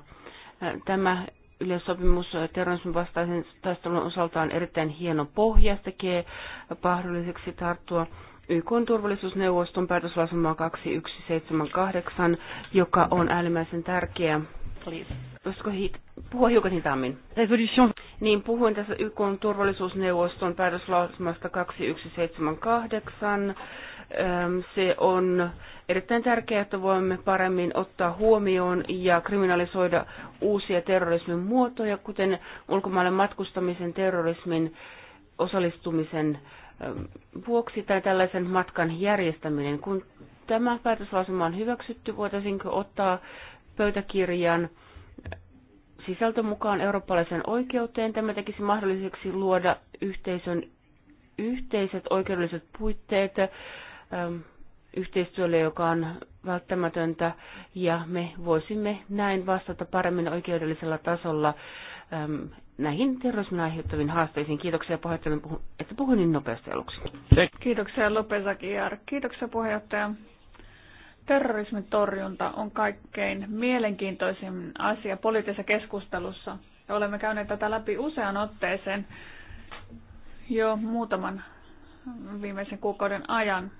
Äh, tämä yleissopimus terrorismin vastaisen taistelun osalta on erittäin hieno pohja. tekee mahdolliseksi tarttua YK turvallisuusneuvoston päätöslausumaan 2178, joka on äärimmäisen tärkeä. Please. Voisiko puhua hiukan hitaammin? Resolution niin puhuin tässä YK turvallisuusneuvoston päätöslausumasta 2178. Se on erittäin tärkeää, että voimme paremmin ottaa huomioon ja kriminalisoida uusia terrorismin muotoja, kuten ulkomaille matkustamisen, terrorismin osallistumisen vuoksi tai tällaisen matkan järjestäminen. Kun tämä päätöslausuma on hyväksytty, voitaisiinko ottaa pöytäkirjan sisältö mukaan eurooppalaisen oikeuteen. Tämä tekisi mahdolliseksi luoda yhteisön yhteiset oikeudelliset puitteet ähm, yhteistyölle, joka on välttämätöntä, ja me voisimme näin vastata paremmin oikeudellisella tasolla äm, näihin terrorismin aiheuttaviin haasteisiin. Kiitoksia puheenjohtajalle, että puhuin niin nopeasti aluksi. Kiitoksia Lopesaki Kiitoksia puheenjohtaja. Terrorismin torjunta on kaikkein mielenkiintoisin asia poliittisessa keskustelussa. Ja olemme käyneet tätä läpi usean otteeseen jo muutaman viimeisen kuukauden ajan.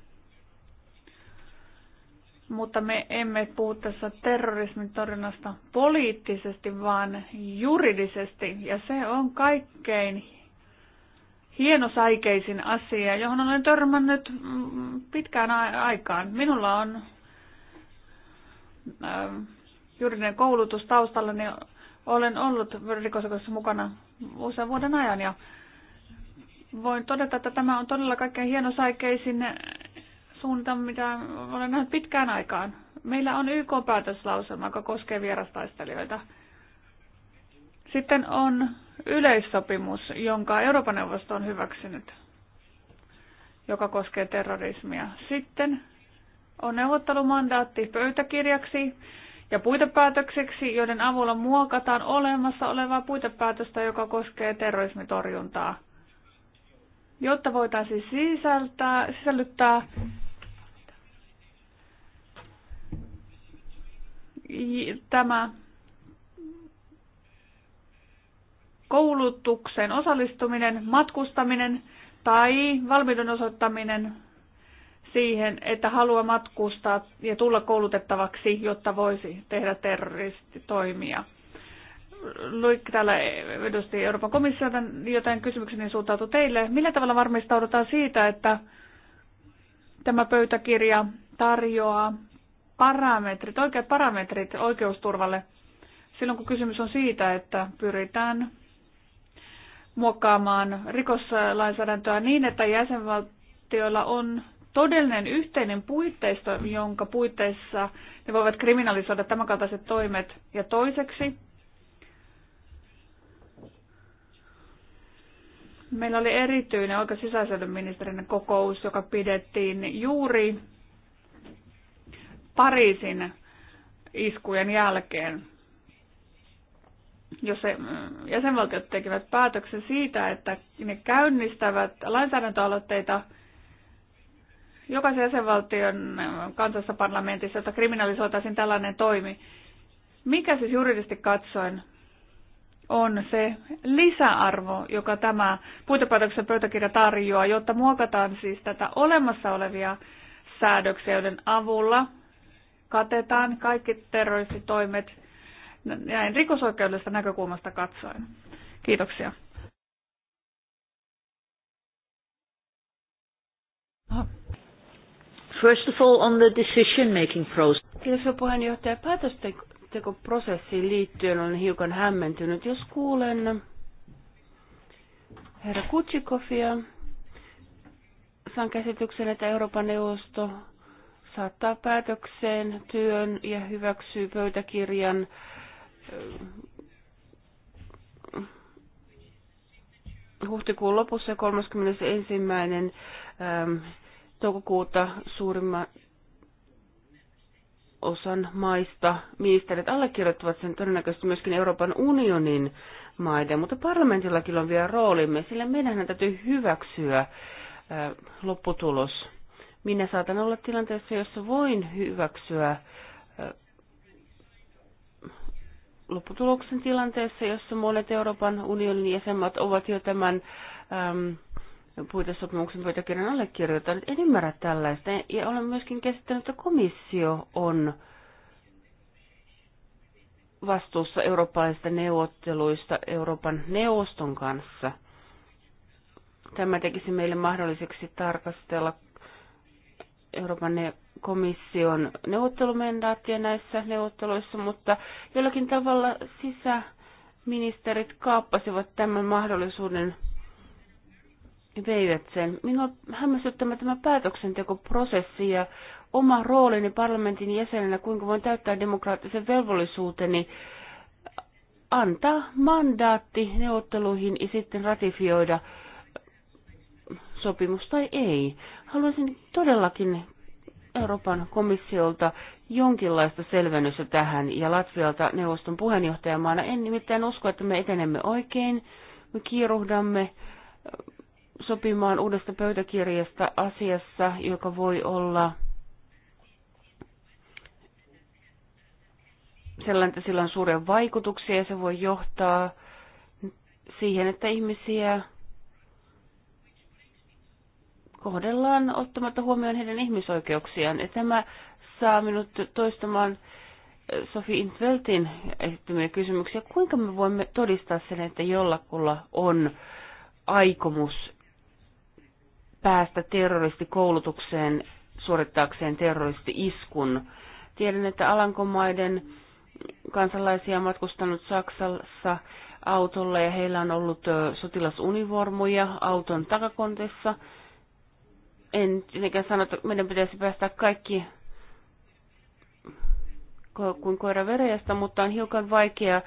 Mutta me emme puhu tässä terrorismin torjunnasta poliittisesti, vaan juridisesti. Ja se on kaikkein hienosaikeisin asia, johon olen törmännyt mm, pitkään aikaan. Minulla on Ähm, juridinen koulutus taustalla, niin olen ollut rikosoikeudessa mukana usean vuoden ajan ja voin todeta, että tämä on todella kaikkein hienosaikeisin suunta, mitä olen nähnyt pitkään aikaan. Meillä on YK-päätöslauselma, joka koskee vierastaistelijoita. Sitten on yleissopimus, jonka Euroopan neuvosto on hyväksynyt, joka koskee terrorismia. Sitten on neuvottelumandaatti pöytäkirjaksi ja puitepäätökseksi, joiden avulla muokataan olemassa olevaa puitepäätöstä, joka koskee terrorismitorjuntaa, jotta voitaisiin sisältää, sisällyttää tämä koulutukseen osallistuminen, matkustaminen tai valmiuden osoittaminen siihen, että haluaa matkustaa ja tulla koulutettavaksi, jotta voisi tehdä terroristitoimia. Luik täällä edusti Euroopan komissiota, joten kysymykseni suuntautuu teille. Millä tavalla varmistaudutaan siitä, että tämä pöytäkirja tarjoaa parametrit, oikeat parametrit oikeusturvalle silloin, kun kysymys on siitä, että pyritään muokkaamaan rikoslainsäädäntöä niin, että jäsenvaltioilla on todellinen yhteinen puitteisto, jonka puitteissa ne voivat kriminalisoida tämänkaltaiset toimet. Ja toiseksi, meillä oli erityinen oikein sisäisen ministerin kokous, joka pidettiin juuri Pariisin iskujen jälkeen, jos jäsenvaltiot tekevät päätöksen siitä, että ne käynnistävät lainsäädäntöaloitteita – jokaisen jäsenvaltion kansassa parlamentissa, että kriminalisoitaisiin tällainen toimi. Mikä siis juridisesti katsoen on se lisäarvo, joka tämä puitepäätöksen pöytäkirja tarjoaa, jotta muokataan siis tätä olemassa olevia säädöksiä, joiden avulla katetaan kaikki terroristitoimet näin rikosoikeudellisesta näkökulmasta katsoen. Kiitoksia. Oh. First of all, on the decision-making process. Kiitos puheenjohtaja. Päätöstekoprosessiin liittyen on hiukan hämmentynyt. Jos kuulen herra Kutsikofia, saan käsityksen, että Euroopan neuvosto saattaa päätökseen työn ja hyväksyy pöytäkirjan eh, huhtikuun lopussa 31 toukokuuta suurimman osan maista ministerit allekirjoittavat sen todennäköisesti myöskin Euroopan unionin maiden, mutta parlamentilla kyllä on vielä roolimme, sillä meidän täytyy hyväksyä lopputulos. Minä saatan olla tilanteessa, jossa voin hyväksyä lopputuloksen tilanteessa, jossa monet Euroopan unionin jäsenmaat ovat jo tämän puitesopimuksen pöytäkirjan allekirjoittanut. En ymmärrä tällaista. Ja olen myöskin käsittänyt, että komissio on vastuussa eurooppalaisista neuvotteluista Euroopan neuvoston kanssa. Tämä tekisi meille mahdolliseksi tarkastella Euroopan ne- komission neuvottelumendaattia näissä neuvotteluissa, mutta jollakin tavalla sisäministerit kaappasivat tämän mahdollisuuden veivät sen. Minua hämmästyttämä tämä päätöksentekoprosessi ja oma roolini parlamentin jäsenenä, kuinka voin täyttää demokraattisen velvollisuuteni antaa mandaatti neuvotteluihin ja sitten ratifioida sopimus tai ei. Haluaisin todellakin Euroopan komissiolta jonkinlaista selvennystä tähän ja Latvialta neuvoston puheenjohtajamaana. En nimittäin usko, että me etenemme oikein, me kiiruhdamme sopimaan uudesta pöytäkirjasta asiassa, joka voi olla sellainen, että sillä on suuria vaikutuksia ja se voi johtaa siihen, että ihmisiä kohdellaan ottamatta huomioon heidän ihmisoikeuksiaan. Ja tämä saa minut toistamaan Sofi Intveltin esittämiä kysymyksiä. Kuinka me voimme todistaa sen, että jollakulla on aikomus päästä terroristikoulutukseen suorittaakseen terroristi-iskun. Tiedän, että Alankomaiden kansalaisia on matkustanut Saksassa autolla ja heillä on ollut sotilasunivormuja auton takakontessa. En tietenkään sano, että meidän pitäisi päästä kaikki kuin koira verejästä, mutta on hiukan vaikea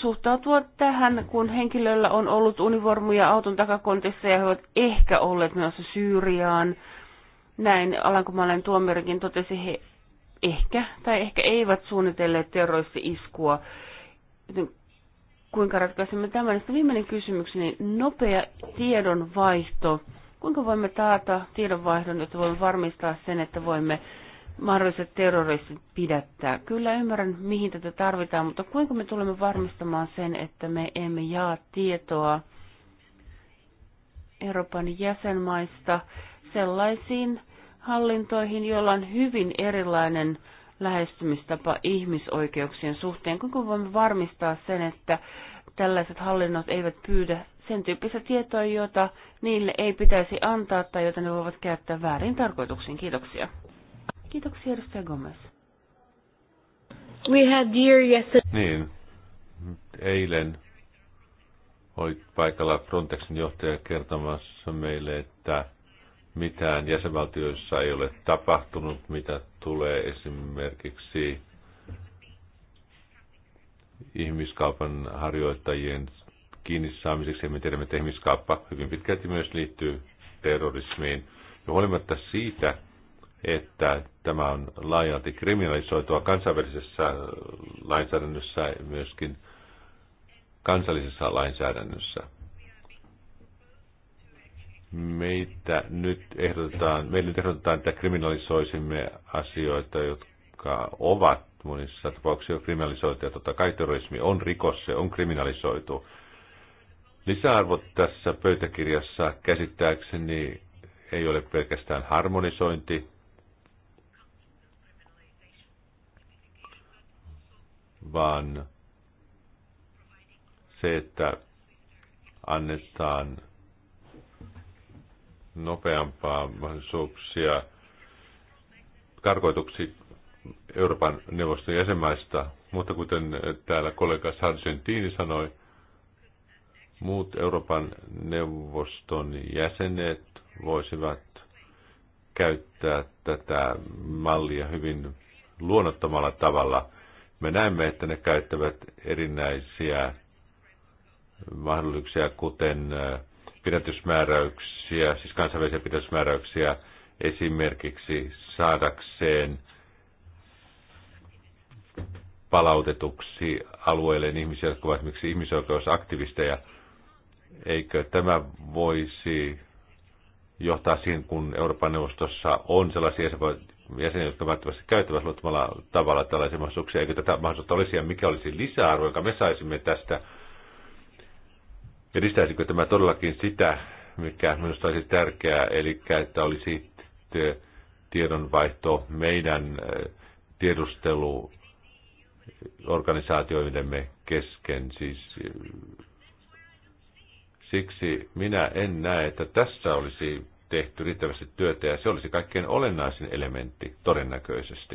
suhtautua tähän, kun henkilöllä on ollut univormuja auton takakontissa ja he ovat ehkä olleet myös Syyriaan. Näin Alankomaalainen tuomarikin totesi, he ehkä tai ehkä eivät suunnitelleet terroristi-iskua. Joten kuinka ratkaisemme tämän? Sitten viimeinen kysymykseni, nopea tiedonvaihto. Kuinka voimme taata tiedonvaihdon, jotta voimme varmistaa sen, että voimme mahdolliset terroristit pidättää. Kyllä ymmärrän, mihin tätä tarvitaan, mutta kuinka me tulemme varmistamaan sen, että me emme jaa tietoa Euroopan jäsenmaista sellaisiin hallintoihin, joilla on hyvin erilainen lähestymistapa ihmisoikeuksien suhteen. Kuinka voimme varmistaa sen, että tällaiset hallinnot eivät pyydä sen tyyppistä tietoa, jota niille ei pitäisi antaa tai jota ne voivat käyttää väärin tarkoituksiin. Kiitoksia. Kiitoksia, edustaja Gomez. We had deer yesterday. Niin, eilen oli paikalla Frontexin johtaja kertomassa meille, että mitään jäsenvaltioissa ei ole tapahtunut, mitä tulee esimerkiksi ihmiskaupan harjoittajien kiinni saamiseksi. Ja me tiedämme, että ihmiskauppa hyvin pitkälti myös liittyy terrorismiin. Ja huolimatta siitä, että tämä on laajalti kriminalisoitua kansainvälisessä lainsäädännössä ja myöskin kansallisessa lainsäädännössä. Meitä nyt ehdotetaan, meille nyt ehdotetaan, että kriminalisoisimme asioita, jotka ovat monissa tapauksissa jo kriminalisoituja. Totta kai terrorismi on rikos, se on kriminalisoitu. Lisäarvo tässä pöytäkirjassa käsittääkseni ei ole pelkästään harmonisointi, vaan se, että annetaan nopeampaa mahdollisuuksia karkoituksi Euroopan neuvoston jäsenmaista, mutta kuten täällä kollega Sargentini sanoi, muut Euroopan neuvoston jäsenet voisivat käyttää tätä mallia hyvin luonnottomalla tavalla. Me näemme, että ne käyttävät erinäisiä mahdollisuuksia, kuten pidätysmääräyksiä, siis kansainvälisiä pidätysmääräyksiä esimerkiksi saadakseen palautetuksi alueelleen ihmisiä, jotka ovat esimerkiksi ihmisoikeusaktivisteja. Eikö tämä voisi johtaa siihen, kun Euroopan neuvostossa on sellaisia jäseniä, jotka välttämättä käyttävät luottamalla tavalla tällaisia mahdollisuuksia, eikö tätä mahdollisuutta olisi ja mikä olisi lisäarvo, jonka me saisimme tästä. Edistäisikö tämä todellakin sitä, mikä minusta olisi tärkeää, eli että olisi tiedonvaihto meidän eh, tiedusteluorganisaatioidemme kesken. Siis, eh, siksi minä en näe, että tässä olisi tehty riittävästi työtä ja se olisi kaikkein olennaisin elementti todennäköisesti.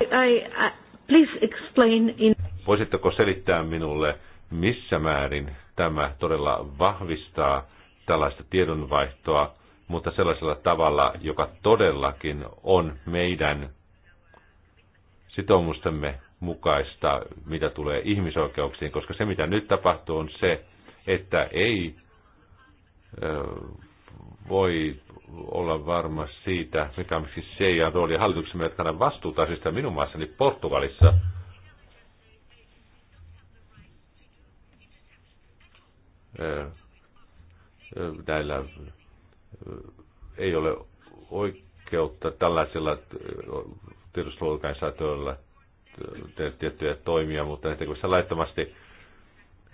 I, I, uh, please explain in... Voisitteko selittää minulle, missä määrin tämä todella vahvistaa tällaista tiedonvaihtoa, mutta sellaisella tavalla, joka todellakin on meidän sitoumustemme mukaista, mitä tulee ihmisoikeuksiin, koska se mitä nyt tapahtuu on se, että ei voi olla varma siitä, mikä on siis ja rooli hallituksemme, jotka kannan vastuuta asiasta minun maassani Portugalissa. Näillä ei ole oikeutta tällaisilla tiedusteluorganisaatioilla tehdä tiettyjä toimia, mutta ne tekevät laittomasti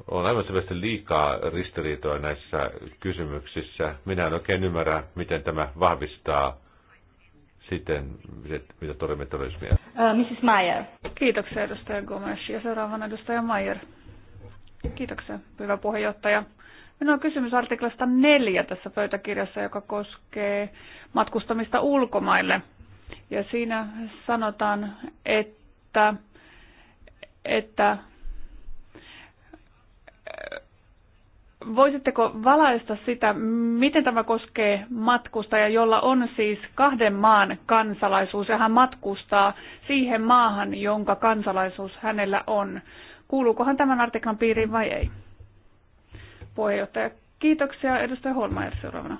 on aivan selvästi liikaa ristiriitoja näissä kysymyksissä. Minä en oikein ymmärrä, miten tämä vahvistaa sitten, mitä torjumme terrorismia. Uh, äh, Mrs. Meyer. Kiitoksia edustaja Gomes ja seuraavana edustaja Meyer. Kiitoksia, hyvä puheenjohtaja. Minulla on kysymys artiklasta neljä tässä pöytäkirjassa, joka koskee matkustamista ulkomaille. Ja siinä sanotaan, että, että voisitteko valaista sitä, miten tämä koskee matkustaja, jolla on siis kahden maan kansalaisuus ja hän matkustaa siihen maahan, jonka kansalaisuus hänellä on. Kuuluukohan tämän artiklan piiriin vai ei? Puheenjohtaja, kiitoksia. Edustaja Holmaier seuraavana.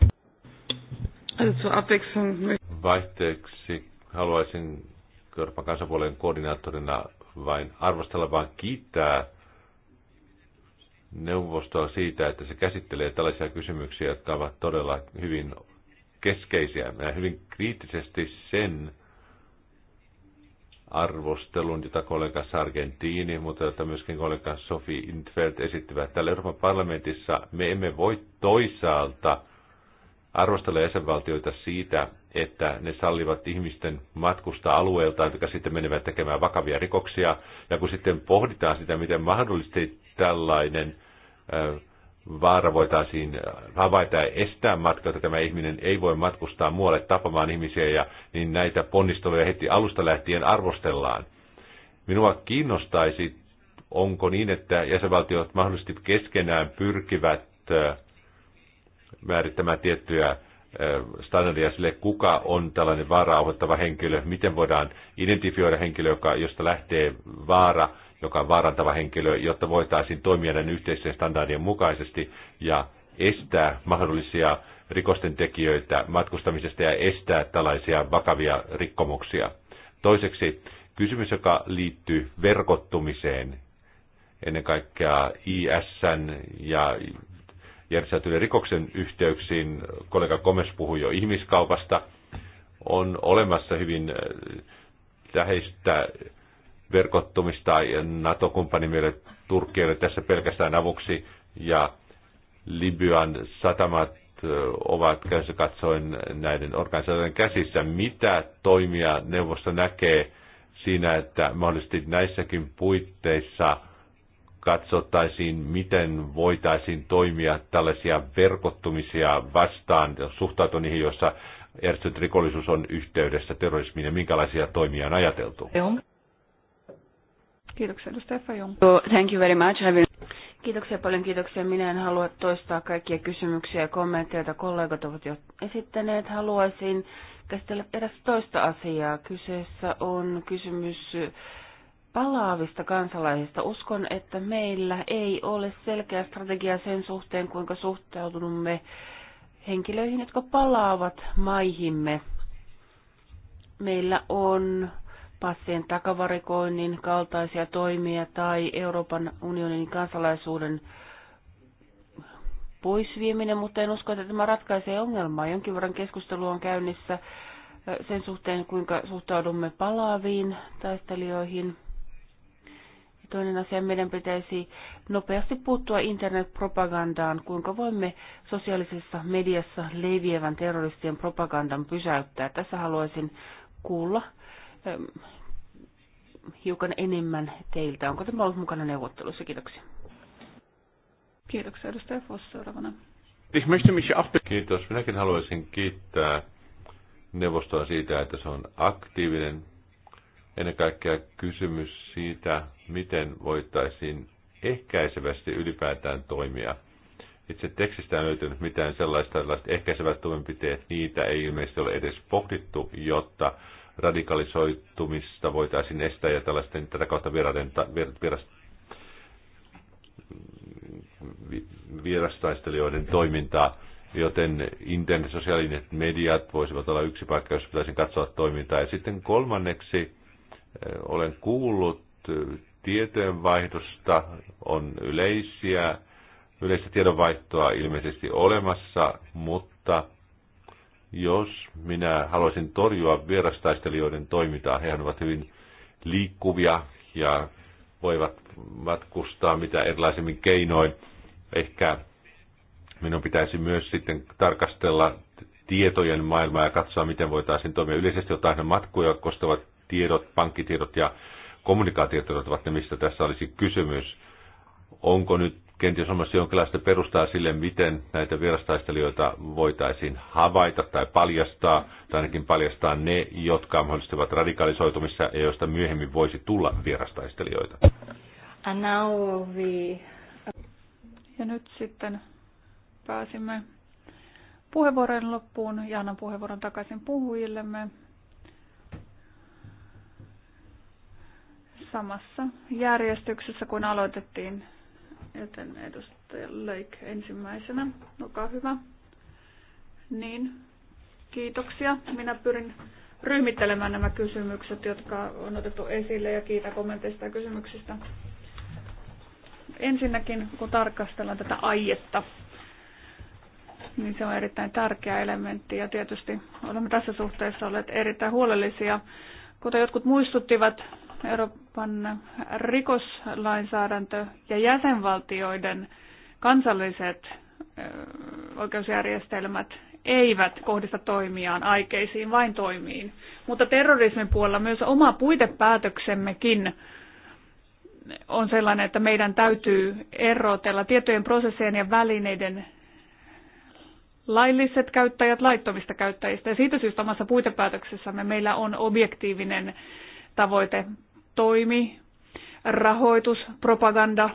Vaihteeksi haluaisin Euroopan kansanpuolen koordinaattorina vain arvostella, vaan kiittää neuvostoa siitä, että se käsittelee tällaisia kysymyksiä, jotka ovat todella hyvin keskeisiä. ja hyvin kriittisesti sen arvostelun, jota kollega Sargentini, mutta jota myöskin kollega Sofi Intfeld esittivät. Täällä Euroopan parlamentissa me emme voi toisaalta arvostella jäsenvaltioita siitä, että ne sallivat ihmisten matkustaa alueelta, jotka sitten menevät tekemään vakavia rikoksia. Ja kun sitten pohditaan sitä, miten mahdollisesti tällainen vaara voitaisiin havaita ja estää matka, että tämä ihminen ei voi matkustaa muualle tapamaan ihmisiä, ja, niin näitä ponnisteluja heti alusta lähtien arvostellaan. Minua kiinnostaisi, onko niin, että jäsenvaltiot mahdollisesti keskenään pyrkivät määrittämään tiettyjä standardia sille, kuka on tällainen vaaraa henkilö, miten voidaan identifioida henkilö, joka, josta lähtee vaara, joka on vaarantava henkilö, jotta voitaisiin toimia näiden yhteisten standardien mukaisesti ja estää mahdollisia rikosten tekijöitä matkustamisesta ja estää tällaisia vakavia rikkomuksia. Toiseksi kysymys, joka liittyy verkottumiseen, ennen kaikkea ISN ja järjestäytyneen rikoksen yhteyksiin. Kollega Komes puhui jo ihmiskaupasta. On olemassa hyvin äh, läheistä verkottumista ja nato meille Turkkielle tässä pelkästään avuksi. Ja Libyan satamat äh, ovat käsissä katsoen näiden organisaatioiden käsissä. Mitä toimia neuvosto näkee siinä, että mahdollisesti näissäkin puitteissa – katsottaisiin, miten voitaisiin toimia tällaisia verkottumisia vastaan, suhtautua niihin, joissa järjestöt rikollisuus on yhteydessä terrorismiin ja minkälaisia toimia on ajateltu. Kiitoksia, edustaja Fajon. Thank you very much. Kiitoksia paljon, kiitoksia. Minä en halua toistaa kaikkia kysymyksiä ja kommentteja, joita kollegat ovat jo esittäneet. Haluaisin käsitellä perässä toista asiaa. Kyseessä on kysymys palaavista kansalaisista. Uskon, että meillä ei ole selkeää strategia sen suhteen, kuinka suhtaudumme henkilöihin, jotka palaavat maihimme. Meillä on passien takavarikoinnin kaltaisia toimia tai Euroopan unionin kansalaisuuden poisvieminen, mutta en usko, että tämä ratkaisee ongelmaa. Jonkin verran keskustelu on käynnissä sen suhteen, kuinka suhtaudumme palaaviin taistelijoihin. Toinen asia, meidän pitäisi nopeasti puuttua internetpropagandaan, kuinka voimme sosiaalisessa mediassa leviävän terroristien propagandan pysäyttää. Tässä haluaisin kuulla ähm, hiukan enemmän teiltä. Onko tämä ollut mukana neuvottelussa? Kiitoksia. Kiitoksia, edustaja Foss seuraavana. Kiitos. Minäkin haluaisin kiittää neuvostoa siitä, että se on aktiivinen Ennen kaikkea kysymys siitä, miten voitaisiin ehkäisevästi ylipäätään toimia. Itse tekstistä ei löytynyt mitään sellaista, sellaista ehkäisevät toimenpiteet, niitä ei ilmeisesti ole edes pohdittu, jotta radikalisoitumista voitaisiin estää ja tällaisten tätä kautta vieraiden, vieras, vierastaistelijoiden toimintaa, joten internet, sosiaaliset mediat voisivat olla yksi paikka, jos pitäisi katsoa toimintaa. Ja sitten kolmanneksi olen kuullut tietojenvaihdosta, on yleisiä, yleistä tiedonvaihtoa ilmeisesti olemassa, mutta jos minä haluaisin torjua vierastaistelijoiden toimintaa, he ovat hyvin liikkuvia ja voivat matkustaa mitä erilaisemmin keinoin. Ehkä minun pitäisi myös sitten tarkastella tietojen maailmaa ja katsoa, miten voitaisiin toimia. Yleisesti ottaen matkuja koskevat tiedot, pankkitiedot ja kommunikaatiotiedot ovat ne, mistä tässä olisi kysymys. Onko nyt kenties olemassa jonkinlaista perustaa sille, miten näitä vierastaistelijoita voitaisiin havaita tai paljastaa, tai ainakin paljastaa ne, jotka mahdollisesti ovat radikalisoitumissa ja joista myöhemmin voisi tulla vierastaistelijoita. And now we... Ja nyt sitten pääsimme puheenvuoron loppuun ja annan puheenvuoron takaisin puhujillemme. samassa järjestyksessä kuin aloitettiin, joten edustaja Leik ensimmäisenä, olkaa hyvä. Niin, kiitoksia. Minä pyrin ryhmittelemään nämä kysymykset, jotka on otettu esille ja kiitän kommenteista ja kysymyksistä. Ensinnäkin, kun tarkastellaan tätä aietta, niin se on erittäin tärkeä elementti ja tietysti olemme tässä suhteessa olleet erittäin huolellisia. Kuten jotkut muistuttivat, Euroopan rikoslainsäädäntö ja jäsenvaltioiden kansalliset oikeusjärjestelmät eivät kohdista toimiaan aikeisiin, vain toimiin. Mutta terrorismin puolella myös oma puitepäätöksemmekin on sellainen, että meidän täytyy erotella tietojen prosessien ja välineiden lailliset käyttäjät laittomista käyttäjistä. Ja siitä syystä omassa puitepäätöksessämme meillä on objektiivinen tavoite toimi, rahoitus, propaganda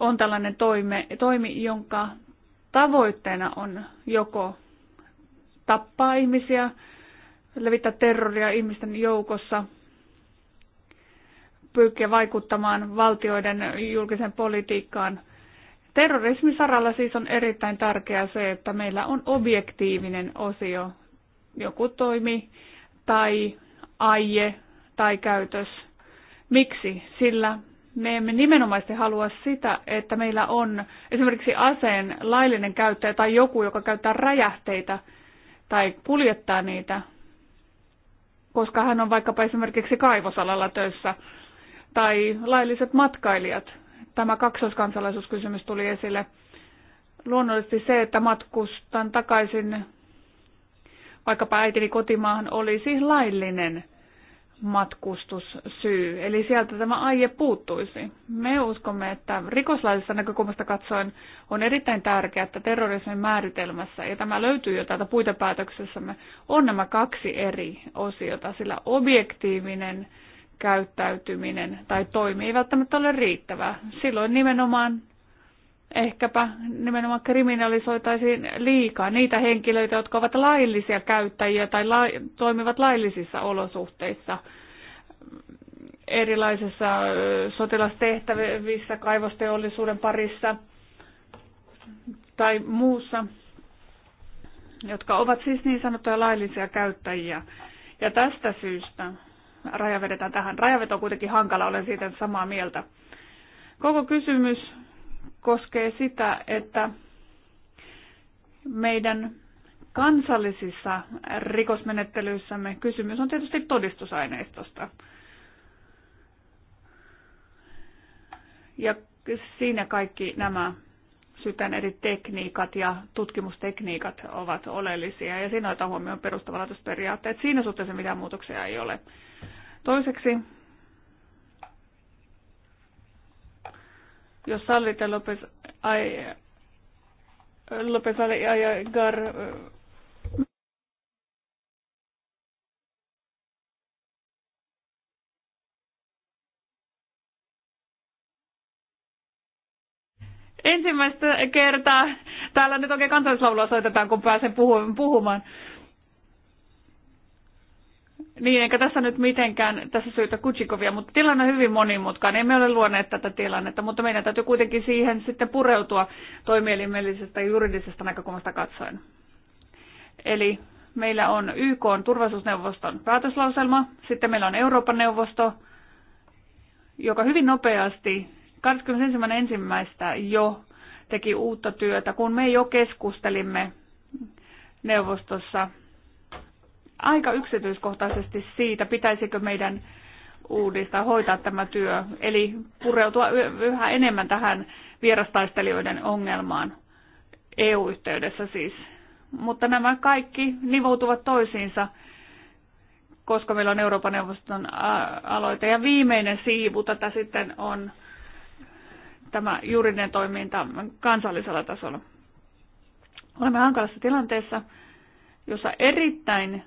on tällainen toime, toimi, jonka tavoitteena on joko tappaa ihmisiä, levittää terroria ihmisten joukossa, pyykkiä vaikuttamaan valtioiden julkiseen politiikkaan. Terrorismin saralla siis on erittäin tärkeää se, että meillä on objektiivinen osio, joku toimi tai aie tai käytös. Miksi? Sillä me emme nimenomaisesti halua sitä, että meillä on esimerkiksi aseen laillinen käyttäjä tai joku, joka käyttää räjähteitä tai kuljettaa niitä, koska hän on vaikkapa esimerkiksi kaivosalalla töissä, tai lailliset matkailijat. Tämä kaksoiskansalaisuuskysymys tuli esille. Luonnollisesti se, että matkustan takaisin vaikkapa äitini kotimaahan, olisi laillinen matkustussyy. Eli sieltä tämä aie puuttuisi. Me uskomme, että rikoslaisessa näkökulmasta katsoen on erittäin tärkeää, että terrorismin määritelmässä, ja tämä löytyy jo täältä puitepäätöksessämme, on nämä kaksi eri osiota, sillä objektiivinen käyttäytyminen tai toimi ei välttämättä ole riittävä. Silloin nimenomaan ehkäpä nimenomaan kriminalisoitaisiin liikaa niitä henkilöitä, jotka ovat laillisia käyttäjiä tai la- toimivat laillisissa olosuhteissa erilaisissa sotilastehtävissä, kaivosteollisuuden parissa tai muussa, jotka ovat siis niin sanottuja laillisia käyttäjiä. Ja tästä syystä raja vedetään tähän. Rajaveto on kuitenkin hankala, olen siitä samaa mieltä. Koko kysymys koskee sitä, että meidän kansallisissa rikosmenettelyissämme kysymys on tietysti todistusaineistosta. Ja siinä kaikki nämä syytän eri tekniikat ja tutkimustekniikat ovat oleellisia ja siinä otetaan huomioon perustavanlaatuiset periaatteet. Siinä suhteessa mitään muutoksia ei ole. Toiseksi jos sallitte Lopez, ai, Lopez gar ensimmäistä kertaa täällä nyt oikein kansallislaulua soitetaan, kun pääsen puhumaan. Niin, eikä tässä nyt mitenkään tässä syytä kutsikovia, mutta tilanne on hyvin monimutkainen. Emme ole luoneet tätä tilannetta, mutta meidän täytyy kuitenkin siihen sitten pureutua toimielimellisestä ja juridisesta näkökulmasta katsoen. Eli meillä on YK on turvallisuusneuvoston päätöslauselma, sitten meillä on Euroopan neuvosto, joka hyvin nopeasti 21.1. jo teki uutta työtä, kun me jo keskustelimme neuvostossa aika yksityiskohtaisesti siitä, pitäisikö meidän uudistaa, hoitaa tämä työ, eli pureutua yhä enemmän tähän vierastaistelijoiden ongelmaan EU-yhteydessä siis. Mutta nämä kaikki nivoutuvat toisiinsa, koska meillä on Euroopan neuvoston aloite. Ja viimeinen siivu tätä sitten on tämä juridinen toiminta kansallisella tasolla. Olemme hankalassa tilanteessa, jossa erittäin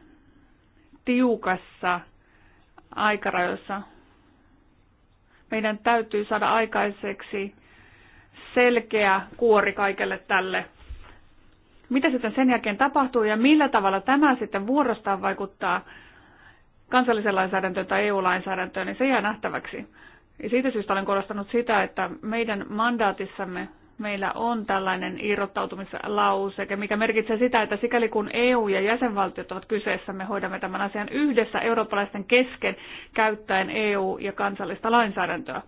tiukassa aikarajoissa. Meidän täytyy saada aikaiseksi selkeä kuori kaikelle tälle. Mitä sitten sen jälkeen tapahtuu ja millä tavalla tämä sitten vuorostaan vaikuttaa kansallisen lainsäädäntöön tai EU-lainsäädäntöön, niin se jää nähtäväksi. Ja siitä syystä olen korostanut sitä, että meidän mandaatissamme meillä on tällainen irrottautumislauseke, mikä merkitsee sitä, että sikäli kun EU ja jäsenvaltiot ovat kyseessä, me hoidamme tämän asian yhdessä eurooppalaisten kesken käyttäen EU- ja kansallista lainsäädäntöä.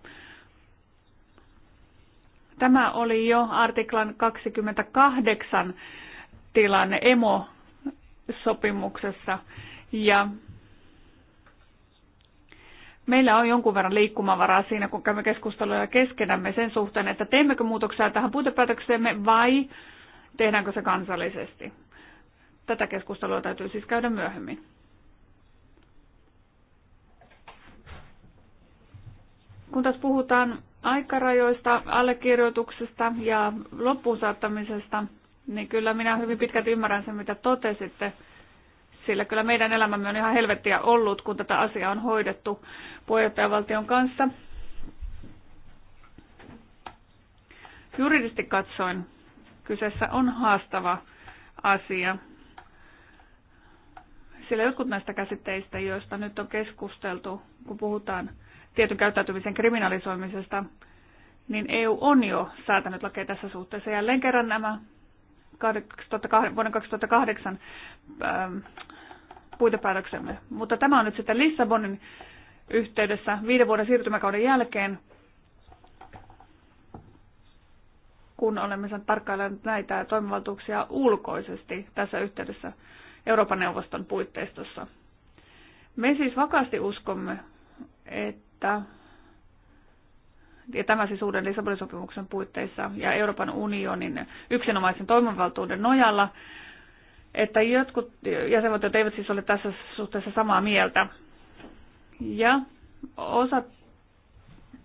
Tämä oli jo artiklan 28 tilanne emo-sopimuksessa ja Meillä on jonkun verran liikkumavaraa siinä, kun käymme keskusteluja keskenämme sen suhteen, että teemmekö muutoksia tähän puitepäätökseemme vai tehdäänkö se kansallisesti. Tätä keskustelua täytyy siis käydä myöhemmin. Kun taas puhutaan aikarajoista, allekirjoituksesta ja loppuun saattamisesta, niin kyllä minä hyvin pitkälti ymmärrän sen, mitä totesitte sillä kyllä meidän elämämme on ihan helvettiä ollut, kun tätä asiaa on hoidettu puheenjohtajavaltion kanssa. Juridisesti katsoen kyseessä on haastava asia, sillä jotkut näistä käsitteistä, joista nyt on keskusteltu, kun puhutaan tietyn käyttäytymisen kriminalisoimisesta, niin EU on jo säätänyt lakeja tässä suhteessa. Jälleen kerran nämä 2008, vuoden 2008 puitepäätöksemme. Mutta tämä on nyt sitten Lissabonin yhteydessä viiden vuoden siirtymäkauden jälkeen, kun olemme sen tarkkailleet näitä toimivaltuuksia ulkoisesti tässä yhteydessä Euroopan neuvoston puitteistossa. Me siis vakaasti uskomme, että ja tämä siis uuden Lissabonin sopimuksen puitteissa ja Euroopan unionin yksinomaisen toimivaltuuden nojalla että jotkut jäsenvaltiot eivät siis ole tässä suhteessa samaa mieltä. Ja osa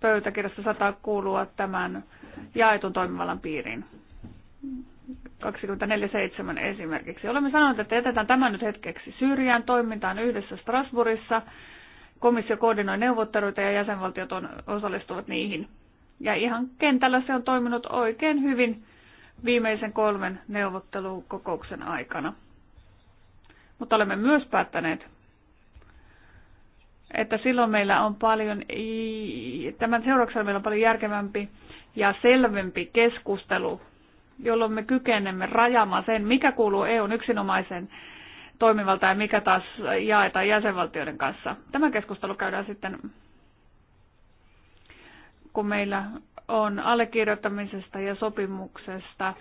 pöytäkirjasta saattaa kuulua tämän jaetun toimivallan piiriin. 24.7. esimerkiksi. Olemme sanoneet, että jätetään tämän nyt hetkeksi syrjään toimintaan yhdessä Strasbourgissa. Komissio koordinoi neuvotteluita ja jäsenvaltiot on, osallistuvat niihin. Ja ihan kentällä se on toiminut oikein hyvin viimeisen kolmen neuvottelukokouksen aikana. Mutta olemme myös päättäneet, että silloin meillä on paljon, tämän seurauksena meillä on paljon järkevämpi ja selvempi keskustelu, jolloin me kykenemme rajaamaan sen, mikä kuuluu EUn yksinomaisen toimivalta ja mikä taas jaetaan jäsenvaltioiden kanssa. Tämä keskustelu käydään sitten kun meillä on allekirjoittamisesta ja sopimuksesta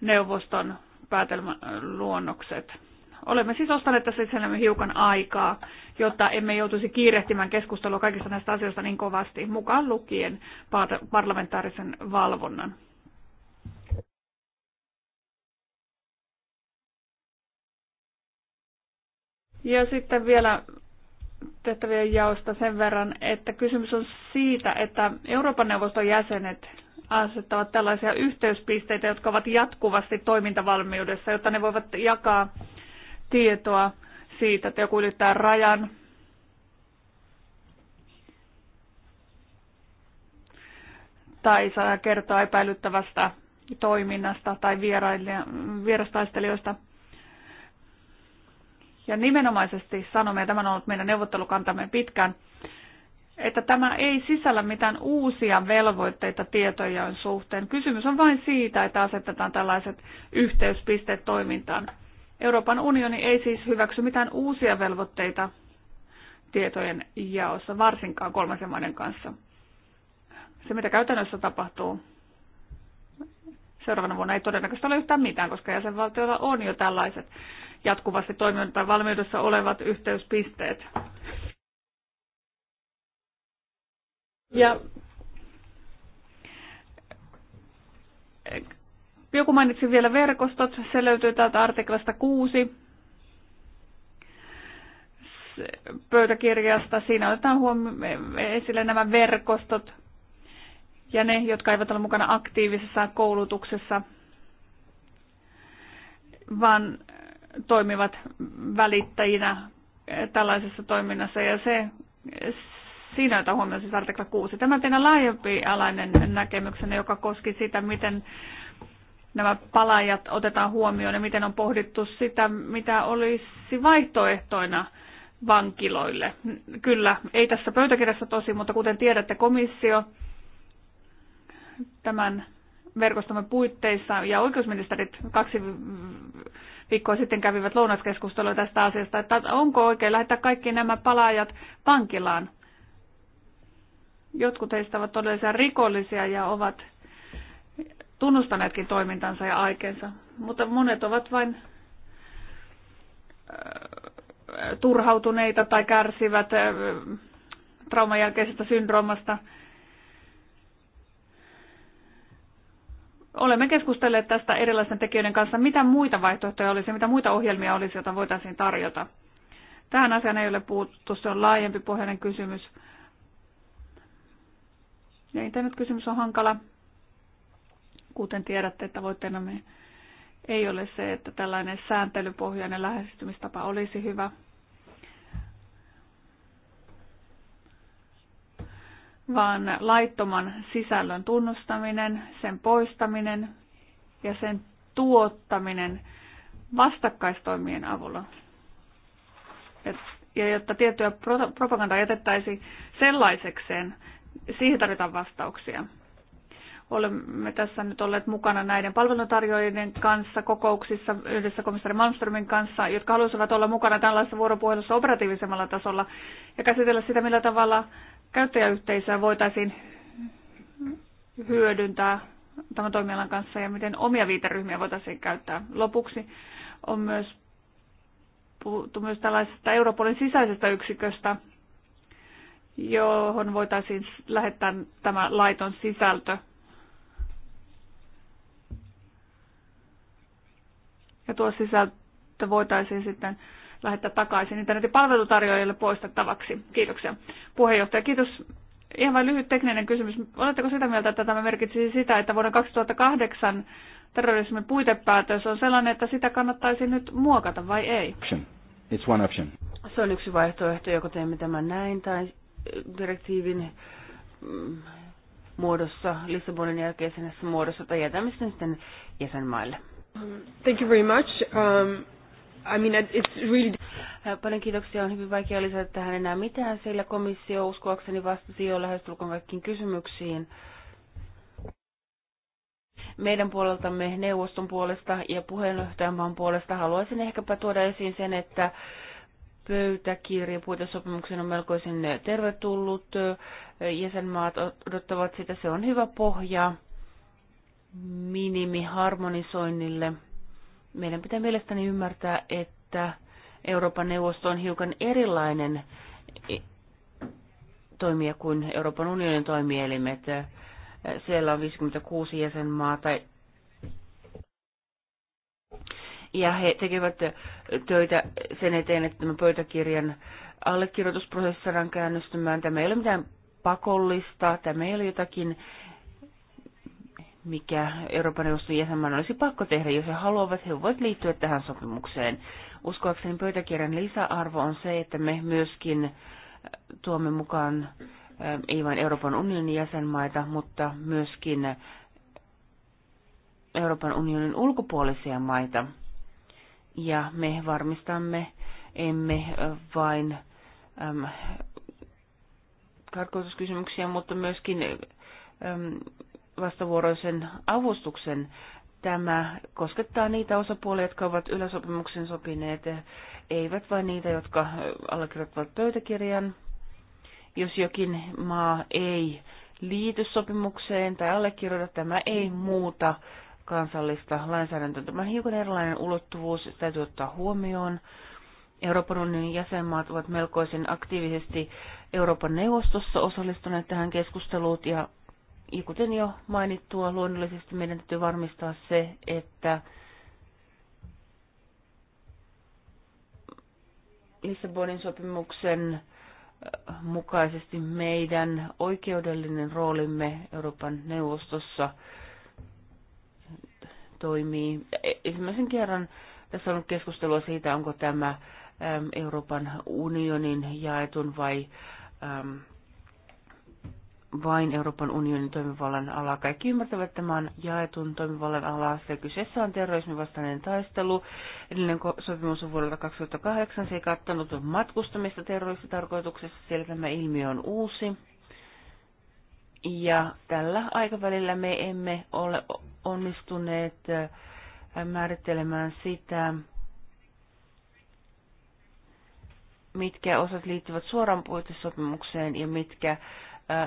neuvoston päätelmäluonnokset. Olemme siis ostaneet tässä itsellemme hiukan aikaa, jotta emme joutuisi kiirehtimään keskustelua kaikista näistä asioista niin kovasti, mukaan lukien parlamentaarisen valvonnan. Ja sitten vielä tehtävien jaosta sen verran, että kysymys on siitä, että Euroopan neuvoston jäsenet asettavat tällaisia yhteyspisteitä, jotka ovat jatkuvasti toimintavalmiudessa, jotta ne voivat jakaa tietoa siitä, että joku ylittää rajan. tai saa kertoa epäilyttävästä toiminnasta tai vierastaistelijoista ja nimenomaisesti sanomme, ja tämä on ollut meidän neuvottelukantamme pitkään, että tämä ei sisällä mitään uusia velvoitteita tietojen suhteen. Kysymys on vain siitä, että asetetaan tällaiset yhteyspisteet toimintaan. Euroopan unioni ei siis hyväksy mitään uusia velvoitteita tietojen jaossa, varsinkaan kolmansien maiden kanssa. Se, mitä käytännössä tapahtuu seuraavana vuonna, ei todennäköisesti ole yhtään mitään, koska jäsenvaltioilla on jo tällaiset jatkuvasti toimintaan valmiudessa olevat yhteyspisteet. Ja joku mainitsi vielä verkostot, se löytyy täältä artiklasta 6 pöytäkirjasta. Siinä otetaan esille nämä verkostot ja ne, jotka eivät ole mukana aktiivisessa koulutuksessa, vaan toimivat välittäjinä eh, tällaisessa toiminnassa ja se, eh, siinä otetaan huomioon siis artikla 6. Tämä teidän laajempi alainen näkemyksenne, joka koski sitä, miten nämä palajat otetaan huomioon ja miten on pohdittu sitä, mitä olisi vaihtoehtoina vankiloille. Kyllä, ei tässä pöytäkirjassa tosi, mutta kuten tiedätte, komissio tämän verkostomme puitteissa ja oikeusministerit kaksi viikkoa sitten kävivät lounaskeskustelua tästä asiasta, että onko oikein lähettää kaikki nämä palaajat vankilaan. Jotkut heistä ovat todellisia rikollisia ja ovat tunnustaneetkin toimintansa ja aikeensa, mutta monet ovat vain äh, turhautuneita tai kärsivät äh, trauman jälkeisestä syndroomasta – Olemme keskustelleet tästä erilaisten tekijöiden kanssa, mitä muita vaihtoehtoja olisi, mitä muita ohjelmia olisi, joita voitaisiin tarjota. Tähän asiaan ei ole puhuttu, se on laajempi pohjainen kysymys. Ja internetkysymys on hankala. Kuten tiedätte, että voitteenamme ei ole se, että tällainen sääntelypohjainen lähestymistapa olisi hyvä, vaan laittoman sisällön tunnustaminen, sen poistaminen ja sen tuottaminen vastakkaistoimien avulla. Ja jotta tiettyä propagandaa jätettäisiin sellaisekseen, siihen tarvitaan vastauksia. Olemme tässä nyt olleet mukana näiden palveluntarjoajien kanssa kokouksissa yhdessä komissaari Malmströmin kanssa, jotka halusivat olla mukana tällaisessa vuoropuhelussa operatiivisemmalla tasolla ja käsitellä sitä, millä tavalla käyttäjäyhteisöä voitaisiin hyödyntää tämän toimialan kanssa ja miten omia viiteryhmiä voitaisiin käyttää. Lopuksi on myös puhuttu myös tällaisesta Europolin sisäisestä yksiköstä, johon voitaisiin lähettää tämä laiton sisältö. Ja tuo sisältö voitaisiin sitten lähettää takaisin internetin palvelutarjoajille poistettavaksi. Kiitoksia. Puheenjohtaja, kiitos. Ihan vain lyhyt tekninen kysymys. Oletteko sitä mieltä, että tämä merkitsisi sitä, että vuoden 2008 terrorismin puitepäätös on sellainen, että sitä kannattaisi nyt muokata vai ei? It's one option. Se on yksi vaihtoehto, joko teemme tämän näin tai äh, direktiivin mm, muodossa, Lissabonin jälkeisessä muodossa tai jätämme sitten jäsenmaille. Thank you very much. Um, I mean, it's really... Paljon kiitoksia. On hyvin vaikea lisätä tähän enää mitään, sillä komissio uskoakseni vastasi jo lähestulkoon kaikkiin kysymyksiin. Meidän puoleltamme neuvoston puolesta ja puheenjohtajan puolesta haluaisin ehkäpä tuoda esiin sen, että pöytäkirja puitesopimuksen on melkoisen tervetullut. Jäsenmaat odottavat sitä. Se on hyvä pohja minimiharmonisoinnille meidän pitää mielestäni ymmärtää, että Euroopan neuvosto on hiukan erilainen e- toimija kuin Euroopan unionin toimielimet. Siellä on 56 jäsenmaata ja he tekevät töitä sen eteen, että tämä pöytäkirjan allekirjoitusprosessi saadaan käännöstymään. Tämä ei ole mitään pakollista, tämä ei ole jotakin, mikä Euroopan neuvoston jäsenmaan olisi pakko tehdä, jos he haluavat, he voivat liittyä tähän sopimukseen. Uskoakseni pöytäkirjan lisäarvo on se, että me myöskin äh, tuomme mukaan äh, ei vain Euroopan unionin jäsenmaita, mutta myöskin äh, Euroopan unionin ulkopuolisia maita. Ja me varmistamme, emme vain äm, tarkoituskysymyksiä, mutta myöskin äm, vastavuoroisen avustuksen. Tämä koskettaa niitä osapuolia, jotka ovat yläsopimuksen sopineet, eivät vain niitä, jotka allekirjoittavat pöytäkirjan. Jos jokin maa ei liity sopimukseen tai allekirjoita, tämä ei muuta kansallista lainsäädäntöä. Tämä on hiukan erilainen ulottuvuus, sitä täytyy ottaa huomioon. Euroopan unionin jäsenmaat ovat melkoisen aktiivisesti Euroopan neuvostossa osallistuneet tähän keskusteluun ja ja kuten jo mainittua, luonnollisesti meidän täytyy varmistaa se, että Lissabonin sopimuksen äh, mukaisesti meidän oikeudellinen roolimme Euroopan neuvostossa toimii. E, ensimmäisen kerran tässä on ollut keskustelua siitä, onko tämä Euroopan unionin jaetun vai vain Euroopan unionin toimivallan alaa. Kaikki ymmärtävät tämän jaetun toimivallan alaa, sillä kyseessä on terrorismin vastainen taistelu. Edellinen sopimus on vuodelta 2008, se ei kattanut matkustamista terroristitarkoituksessa, siellä tämä ilmiö on uusi. Ja tällä aikavälillä me emme ole onnistuneet äh, määrittelemään sitä, mitkä osat liittyvät suoraan puitesopimukseen ja mitkä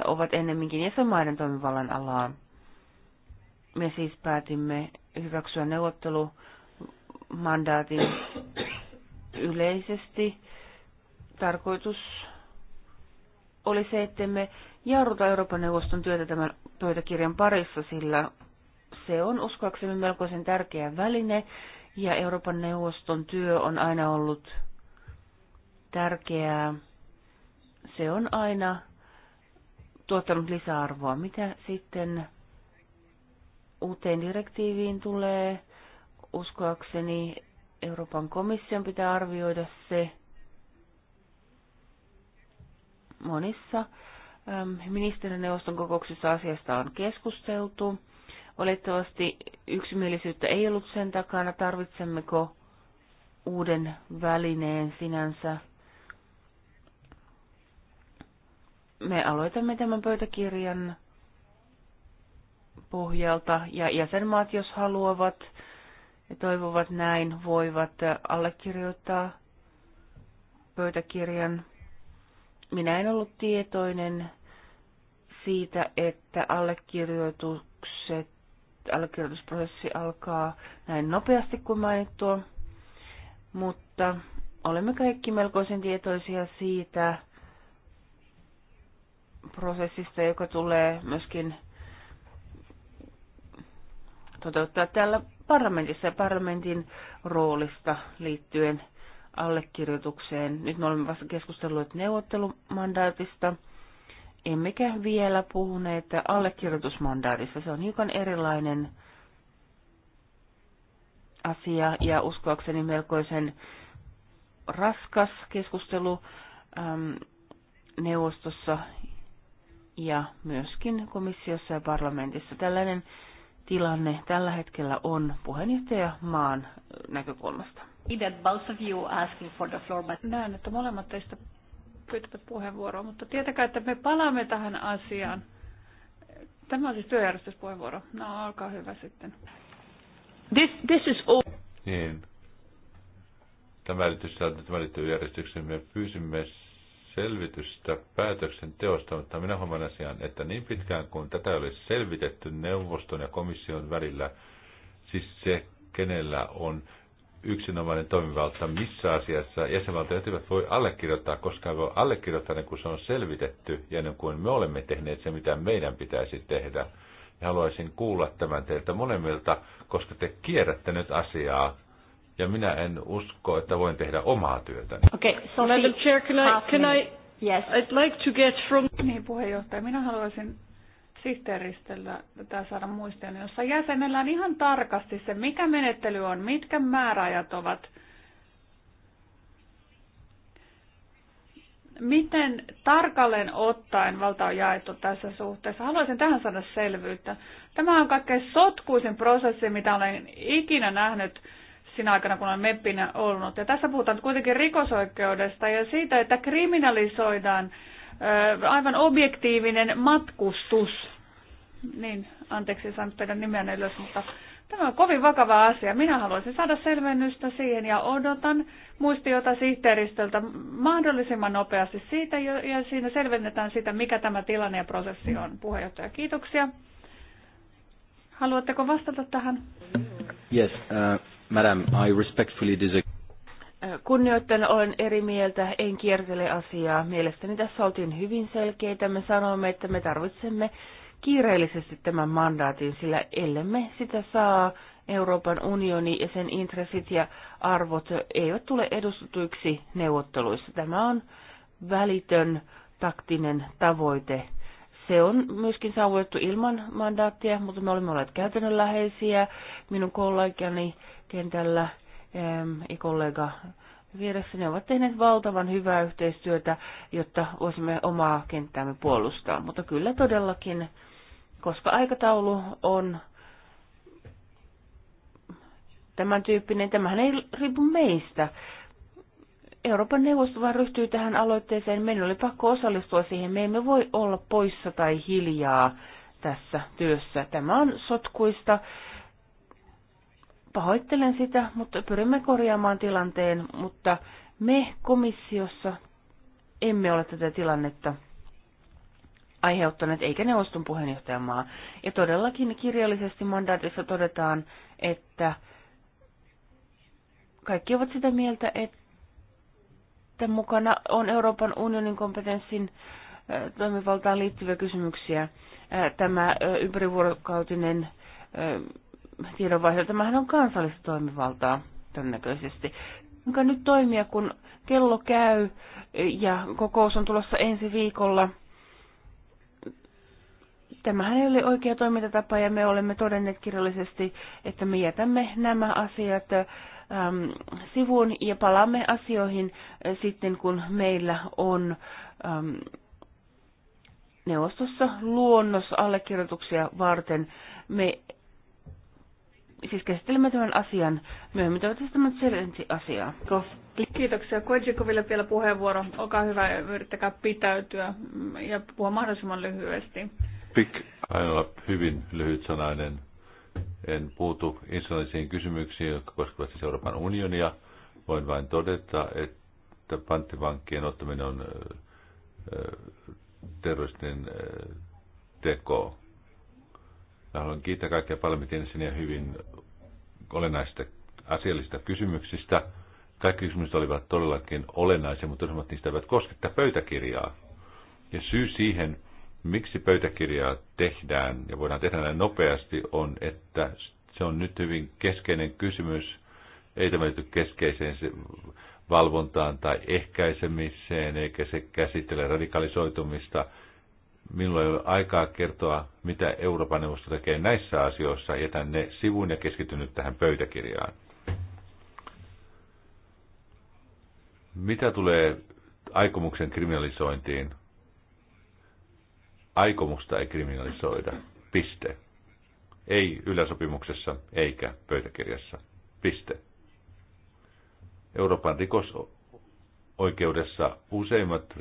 ovat ennemminkin jäsenmaiden toimivallan alaa. Me siis päätimme hyväksyä neuvottelumandaatin yleisesti. Tarkoitus oli se, että me jarruta Euroopan neuvoston työtä tämän pöytäkirjan parissa, sillä se on uskoakseni melkoisen tärkeä väline, ja Euroopan neuvoston työ on aina ollut tärkeää. Se on aina tuottanut lisäarvoa. Mitä sitten uuteen direktiiviin tulee? Uskoakseni Euroopan komission pitää arvioida se monissa ähm, ministerineuvoston kokouksissa asiasta on keskusteltu. Valitettavasti yksimielisyyttä ei ollut sen takana, tarvitsemmeko uuden välineen sinänsä me aloitamme tämän pöytäkirjan pohjalta ja jäsenmaat, jos haluavat ja toivovat näin, voivat allekirjoittaa pöytäkirjan. Minä en ollut tietoinen siitä, että allekirjoitukset, allekirjoitusprosessi alkaa näin nopeasti kuin mainittua, mutta olemme kaikki melkoisen tietoisia siitä, prosessista, joka tulee myöskin toteuttaa täällä parlamentissa ja parlamentin roolista liittyen allekirjoitukseen. Nyt me olemme vasta keskustelleet neuvottelumandaatista, emmekä vielä puhuneet allekirjoitusmandaatista. Se on hiukan erilainen asia ja uskoakseni melkoisen raskas keskustelu ähm, neuvostossa ja myöskin komissiossa ja parlamentissa. Tällainen tilanne tällä hetkellä on puheenjohtaja maan äh, näkökulmasta. Näen, että molemmat teistä pyytävät puheenvuoroa, mutta tietäkää, että me palaamme tähän asiaan. Tämä on siis työjärjestyspuheenvuoro. No, olkaa hyvä sitten. This, this is all. Niin. Tämä liittyy, tämä liittyy järjestykseen. Me pyysimme selvitystä päätöksen teosta, mutta minä huomaan asian, että niin pitkään kuin tätä ei ole selvitetty neuvoston ja komission välillä, siis se, kenellä on yksinomainen toimivalta missä asiassa jäsenvaltiot eivät voi allekirjoittaa, koska ei voi allekirjoittaa kun se on selvitetty ja ennen kuin me olemme tehneet se, mitä meidän pitäisi tehdä. Ja haluaisin kuulla tämän teiltä molemmilta, koska te kierrätte nyt asiaa ja minä en usko, että voin tehdä omaa työtäni. Okei, okay, so Madam Chair, can I, can I, yes. I'd like to get from... Niin, puheenjohtaja, minä haluaisin sihteeristöllä tätä saada muistion, jossa jäsenellä on ihan tarkasti se, mikä menettely on, mitkä määräajat ovat, miten tarkalleen ottaen valta on jaettu tässä suhteessa. Haluaisin tähän saada selvyyttä. Tämä on kaikkein sotkuisin prosessi, mitä olen ikinä nähnyt sinä aikana, kun olen meppinä ollut. Ja tässä puhutaan kuitenkin rikosoikeudesta ja siitä, että kriminalisoidaan aivan objektiivinen matkustus. Niin, anteeksi, en saanut teidän nimeänne ylös, mutta tämä on kovin vakava asia. Minä haluaisin saada selvennystä siihen ja odotan muistiota sihteeristöltä mahdollisimman nopeasti siitä ja siinä selvennetään sitä, mikä tämä tilanne ja prosessi on. Puheenjohtaja, kiitoksia. Haluatteko vastata tähän? Yes, uh, Madam, I respectfully disagree. Kunnioittain olen eri mieltä, en kiertele asiaa. Mielestäni tässä oltiin hyvin selkeitä. Me sanoimme, että me tarvitsemme kiireellisesti tämän mandaatin, sillä ellemme sitä saa, Euroopan unioni ja sen intressit ja arvot eivät tule edustetuiksi neuvotteluissa. Tämä on välitön taktinen tavoite. Se on myöskin saavutettu ilman mandaattia, mutta me olemme olleet käytännönläheisiä. Minun kollegani kentällä ja kollega vieressä. Ne ovat tehneet valtavan hyvää yhteistyötä, jotta voisimme omaa kenttäämme puolustaa. Mutta kyllä todellakin, koska aikataulu on tämän tyyppinen, tämähän ei riipu meistä. Euroopan neuvosto vaan ryhtyy tähän aloitteeseen. Meidän oli pakko osallistua siihen. Me emme voi olla poissa tai hiljaa tässä työssä. Tämä on sotkuista Pahoittelen sitä, mutta pyrimme korjaamaan tilanteen, mutta me komissiossa emme ole tätä tilannetta aiheuttaneet, eikä neuvoston puheenjohtajamaa. Ja todellakin kirjallisesti mandaatissa todetaan, että kaikki ovat sitä mieltä, että mukana on Euroopan unionin kompetenssin toimivaltaan liittyviä kysymyksiä. Tämä ympärivuorokautinen tiedonvaihto. Tämähän on kansallista toimivaltaa todennäköisesti. Minkä nyt toimia, kun kello käy ja kokous on tulossa ensi viikolla. Tämähän ei ole oikea toimintatapa ja me olemme todenneet kirjallisesti, että me jätämme nämä asiat äm, sivuun ja palaamme asioihin äh, sitten, kun meillä on äm, neuvostossa luonnos allekirjoituksia varten. Me siis käsittelemme tämän asian myöhemmin. Toivottavasti tämä selvensi asiaa. Kiitoksia. Kojikoville vielä puheenvuoro. Olkaa hyvä ja yrittäkää pitäytyä ja puhua mahdollisimman lyhyesti. Pik, aina hyvin lyhyt sanainen En puutu insulaisiin kysymyksiin, jotka koskevat siis Euroopan unionia. Voin vain todeta, että panttivankkien ottaminen on terroristinen teko haluan kiittää kaikkia parlamentin ja hyvin olennaisista asiallisista kysymyksistä. Kaikki kysymykset olivat todellakin olennaisia, mutta useimmat niistä eivät koskettaa pöytäkirjaa. Ja syy siihen, miksi pöytäkirjaa tehdään ja voidaan tehdä näin nopeasti, on, että se on nyt hyvin keskeinen kysymys. Ei tämä liity keskeiseen valvontaan tai ehkäisemiseen, eikä se käsittele radikalisoitumista – Minulla ei ole aikaa kertoa, mitä Euroopan neuvosto tekee näissä asioissa. Jätän ne sivuun ja keskitynyt nyt tähän pöytäkirjaan. Mitä tulee aikomuksen kriminalisointiin? Aikomusta ei kriminalisoida. Piste. Ei yläsopimuksessa eikä pöytäkirjassa. Piste. Euroopan rikosoikeudessa useimmat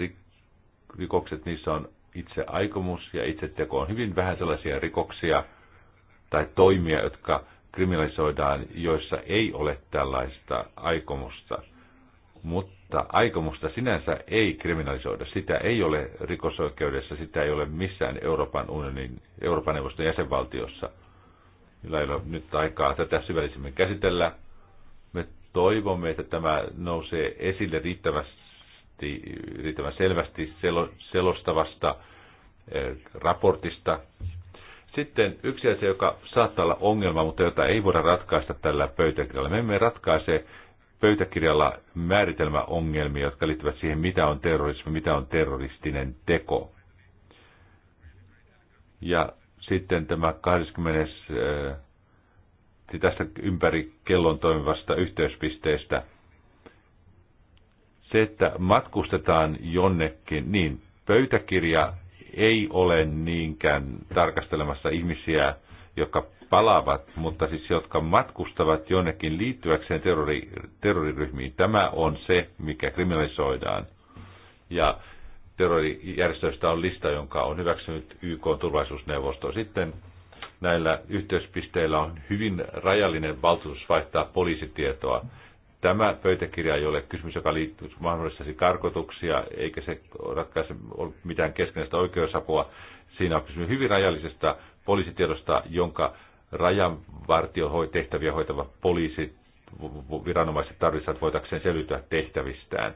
rikokset, niissä on itse aikomus ja itse teko on hyvin vähän sellaisia rikoksia tai toimia, jotka kriminalisoidaan, joissa ei ole tällaista aikomusta. Mutta aikomusta sinänsä ei kriminalisoida. Sitä ei ole rikosoikeudessa, sitä ei ole missään Euroopan unionin, Euroopan neuvoston jäsenvaltiossa. Meillä ei ole nyt aikaa tätä syvällisemmin käsitellä. Me toivomme, että tämä nousee esille riittävässä selvästi, riittävän selvästi selostavasta eh, raportista. Sitten yksi asia, joka saattaa olla ongelma, mutta jota ei voida ratkaista tällä pöytäkirjalla. Me emme ratkaise pöytäkirjalla määritelmäongelmia, jotka liittyvät siihen, mitä on terrorismi, mitä on terroristinen teko. Ja sitten tämä 20. Eh, tästä ympäri kellon toimivasta yhteyspisteestä – se, että matkustetaan jonnekin, niin pöytäkirja ei ole niinkään tarkastelemassa ihmisiä, jotka palaavat, mutta siis jotka matkustavat jonnekin liittyäkseen terrori, terroriryhmiin. Tämä on se, mikä kriminalisoidaan. Ja terrorijärjestöistä on lista, jonka on hyväksynyt YK turvallisuusneuvosto. Sitten näillä yhteyspisteillä on hyvin rajallinen valtuutus vaihtaa poliisitietoa. Mm Tämä pöytäkirja ei ole kysymys, joka liittyy mahdollisesti karkotuksia, eikä se ratkaise mitään keskinäistä oikeusapua. Siinä on kysymys hyvin rajallisesta poliisitiedosta, jonka tehtäviä hoitava poliisi viranomaiset tarvitsevat voitakseen selvitä tehtävistään.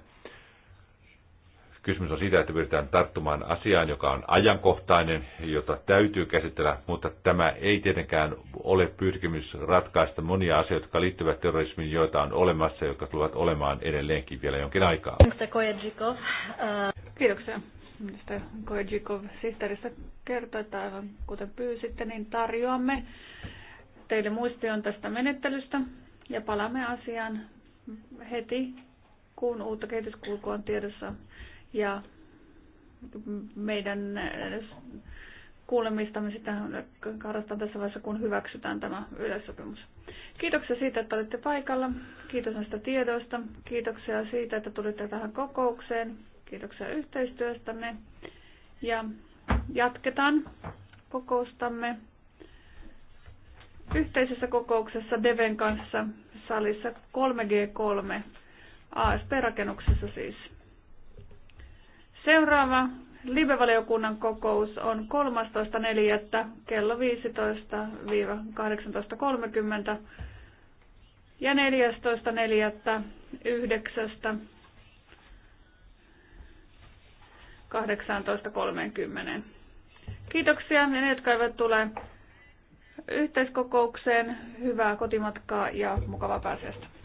Kysymys on siitä, että pyritään tarttumaan asiaan, joka on ajankohtainen, jota täytyy käsitellä, mutta tämä ei tietenkään ole pyrkimys ratkaista monia asioita, jotka liittyvät terrorismiin, joita on olemassa, jotka tulevat olemaan edelleenkin vielä jonkin aikaa. Äh, Kiitoksia. Mistä Kojikov sisteristä kertoi, että aivan kuten pyysitte, niin tarjoamme teille muistion tästä menettelystä ja palaamme asiaan heti, kun uutta kehityskulkua on tiedossa ja meidän äh, kuulemistamme sitä harrastan tässä vaiheessa, kun hyväksytään tämä yleissopimus. Kiitoksia siitä, että olitte paikalla. Kiitos näistä tiedoista. Kiitoksia siitä, että tulitte tähän kokoukseen. Kiitoksia yhteistyöstänne. Ja jatketaan kokoustamme yhteisessä kokouksessa Deven kanssa salissa 3G3 ASP-rakennuksessa siis. Seuraava Live-valiokunnan kokous on 13.4. kello 15-18.30 ja 14.4.9. 18.30. Kiitoksia ne, jotka eivät tule yhteiskokoukseen. Hyvää kotimatkaa ja mukavaa pääsiäistä.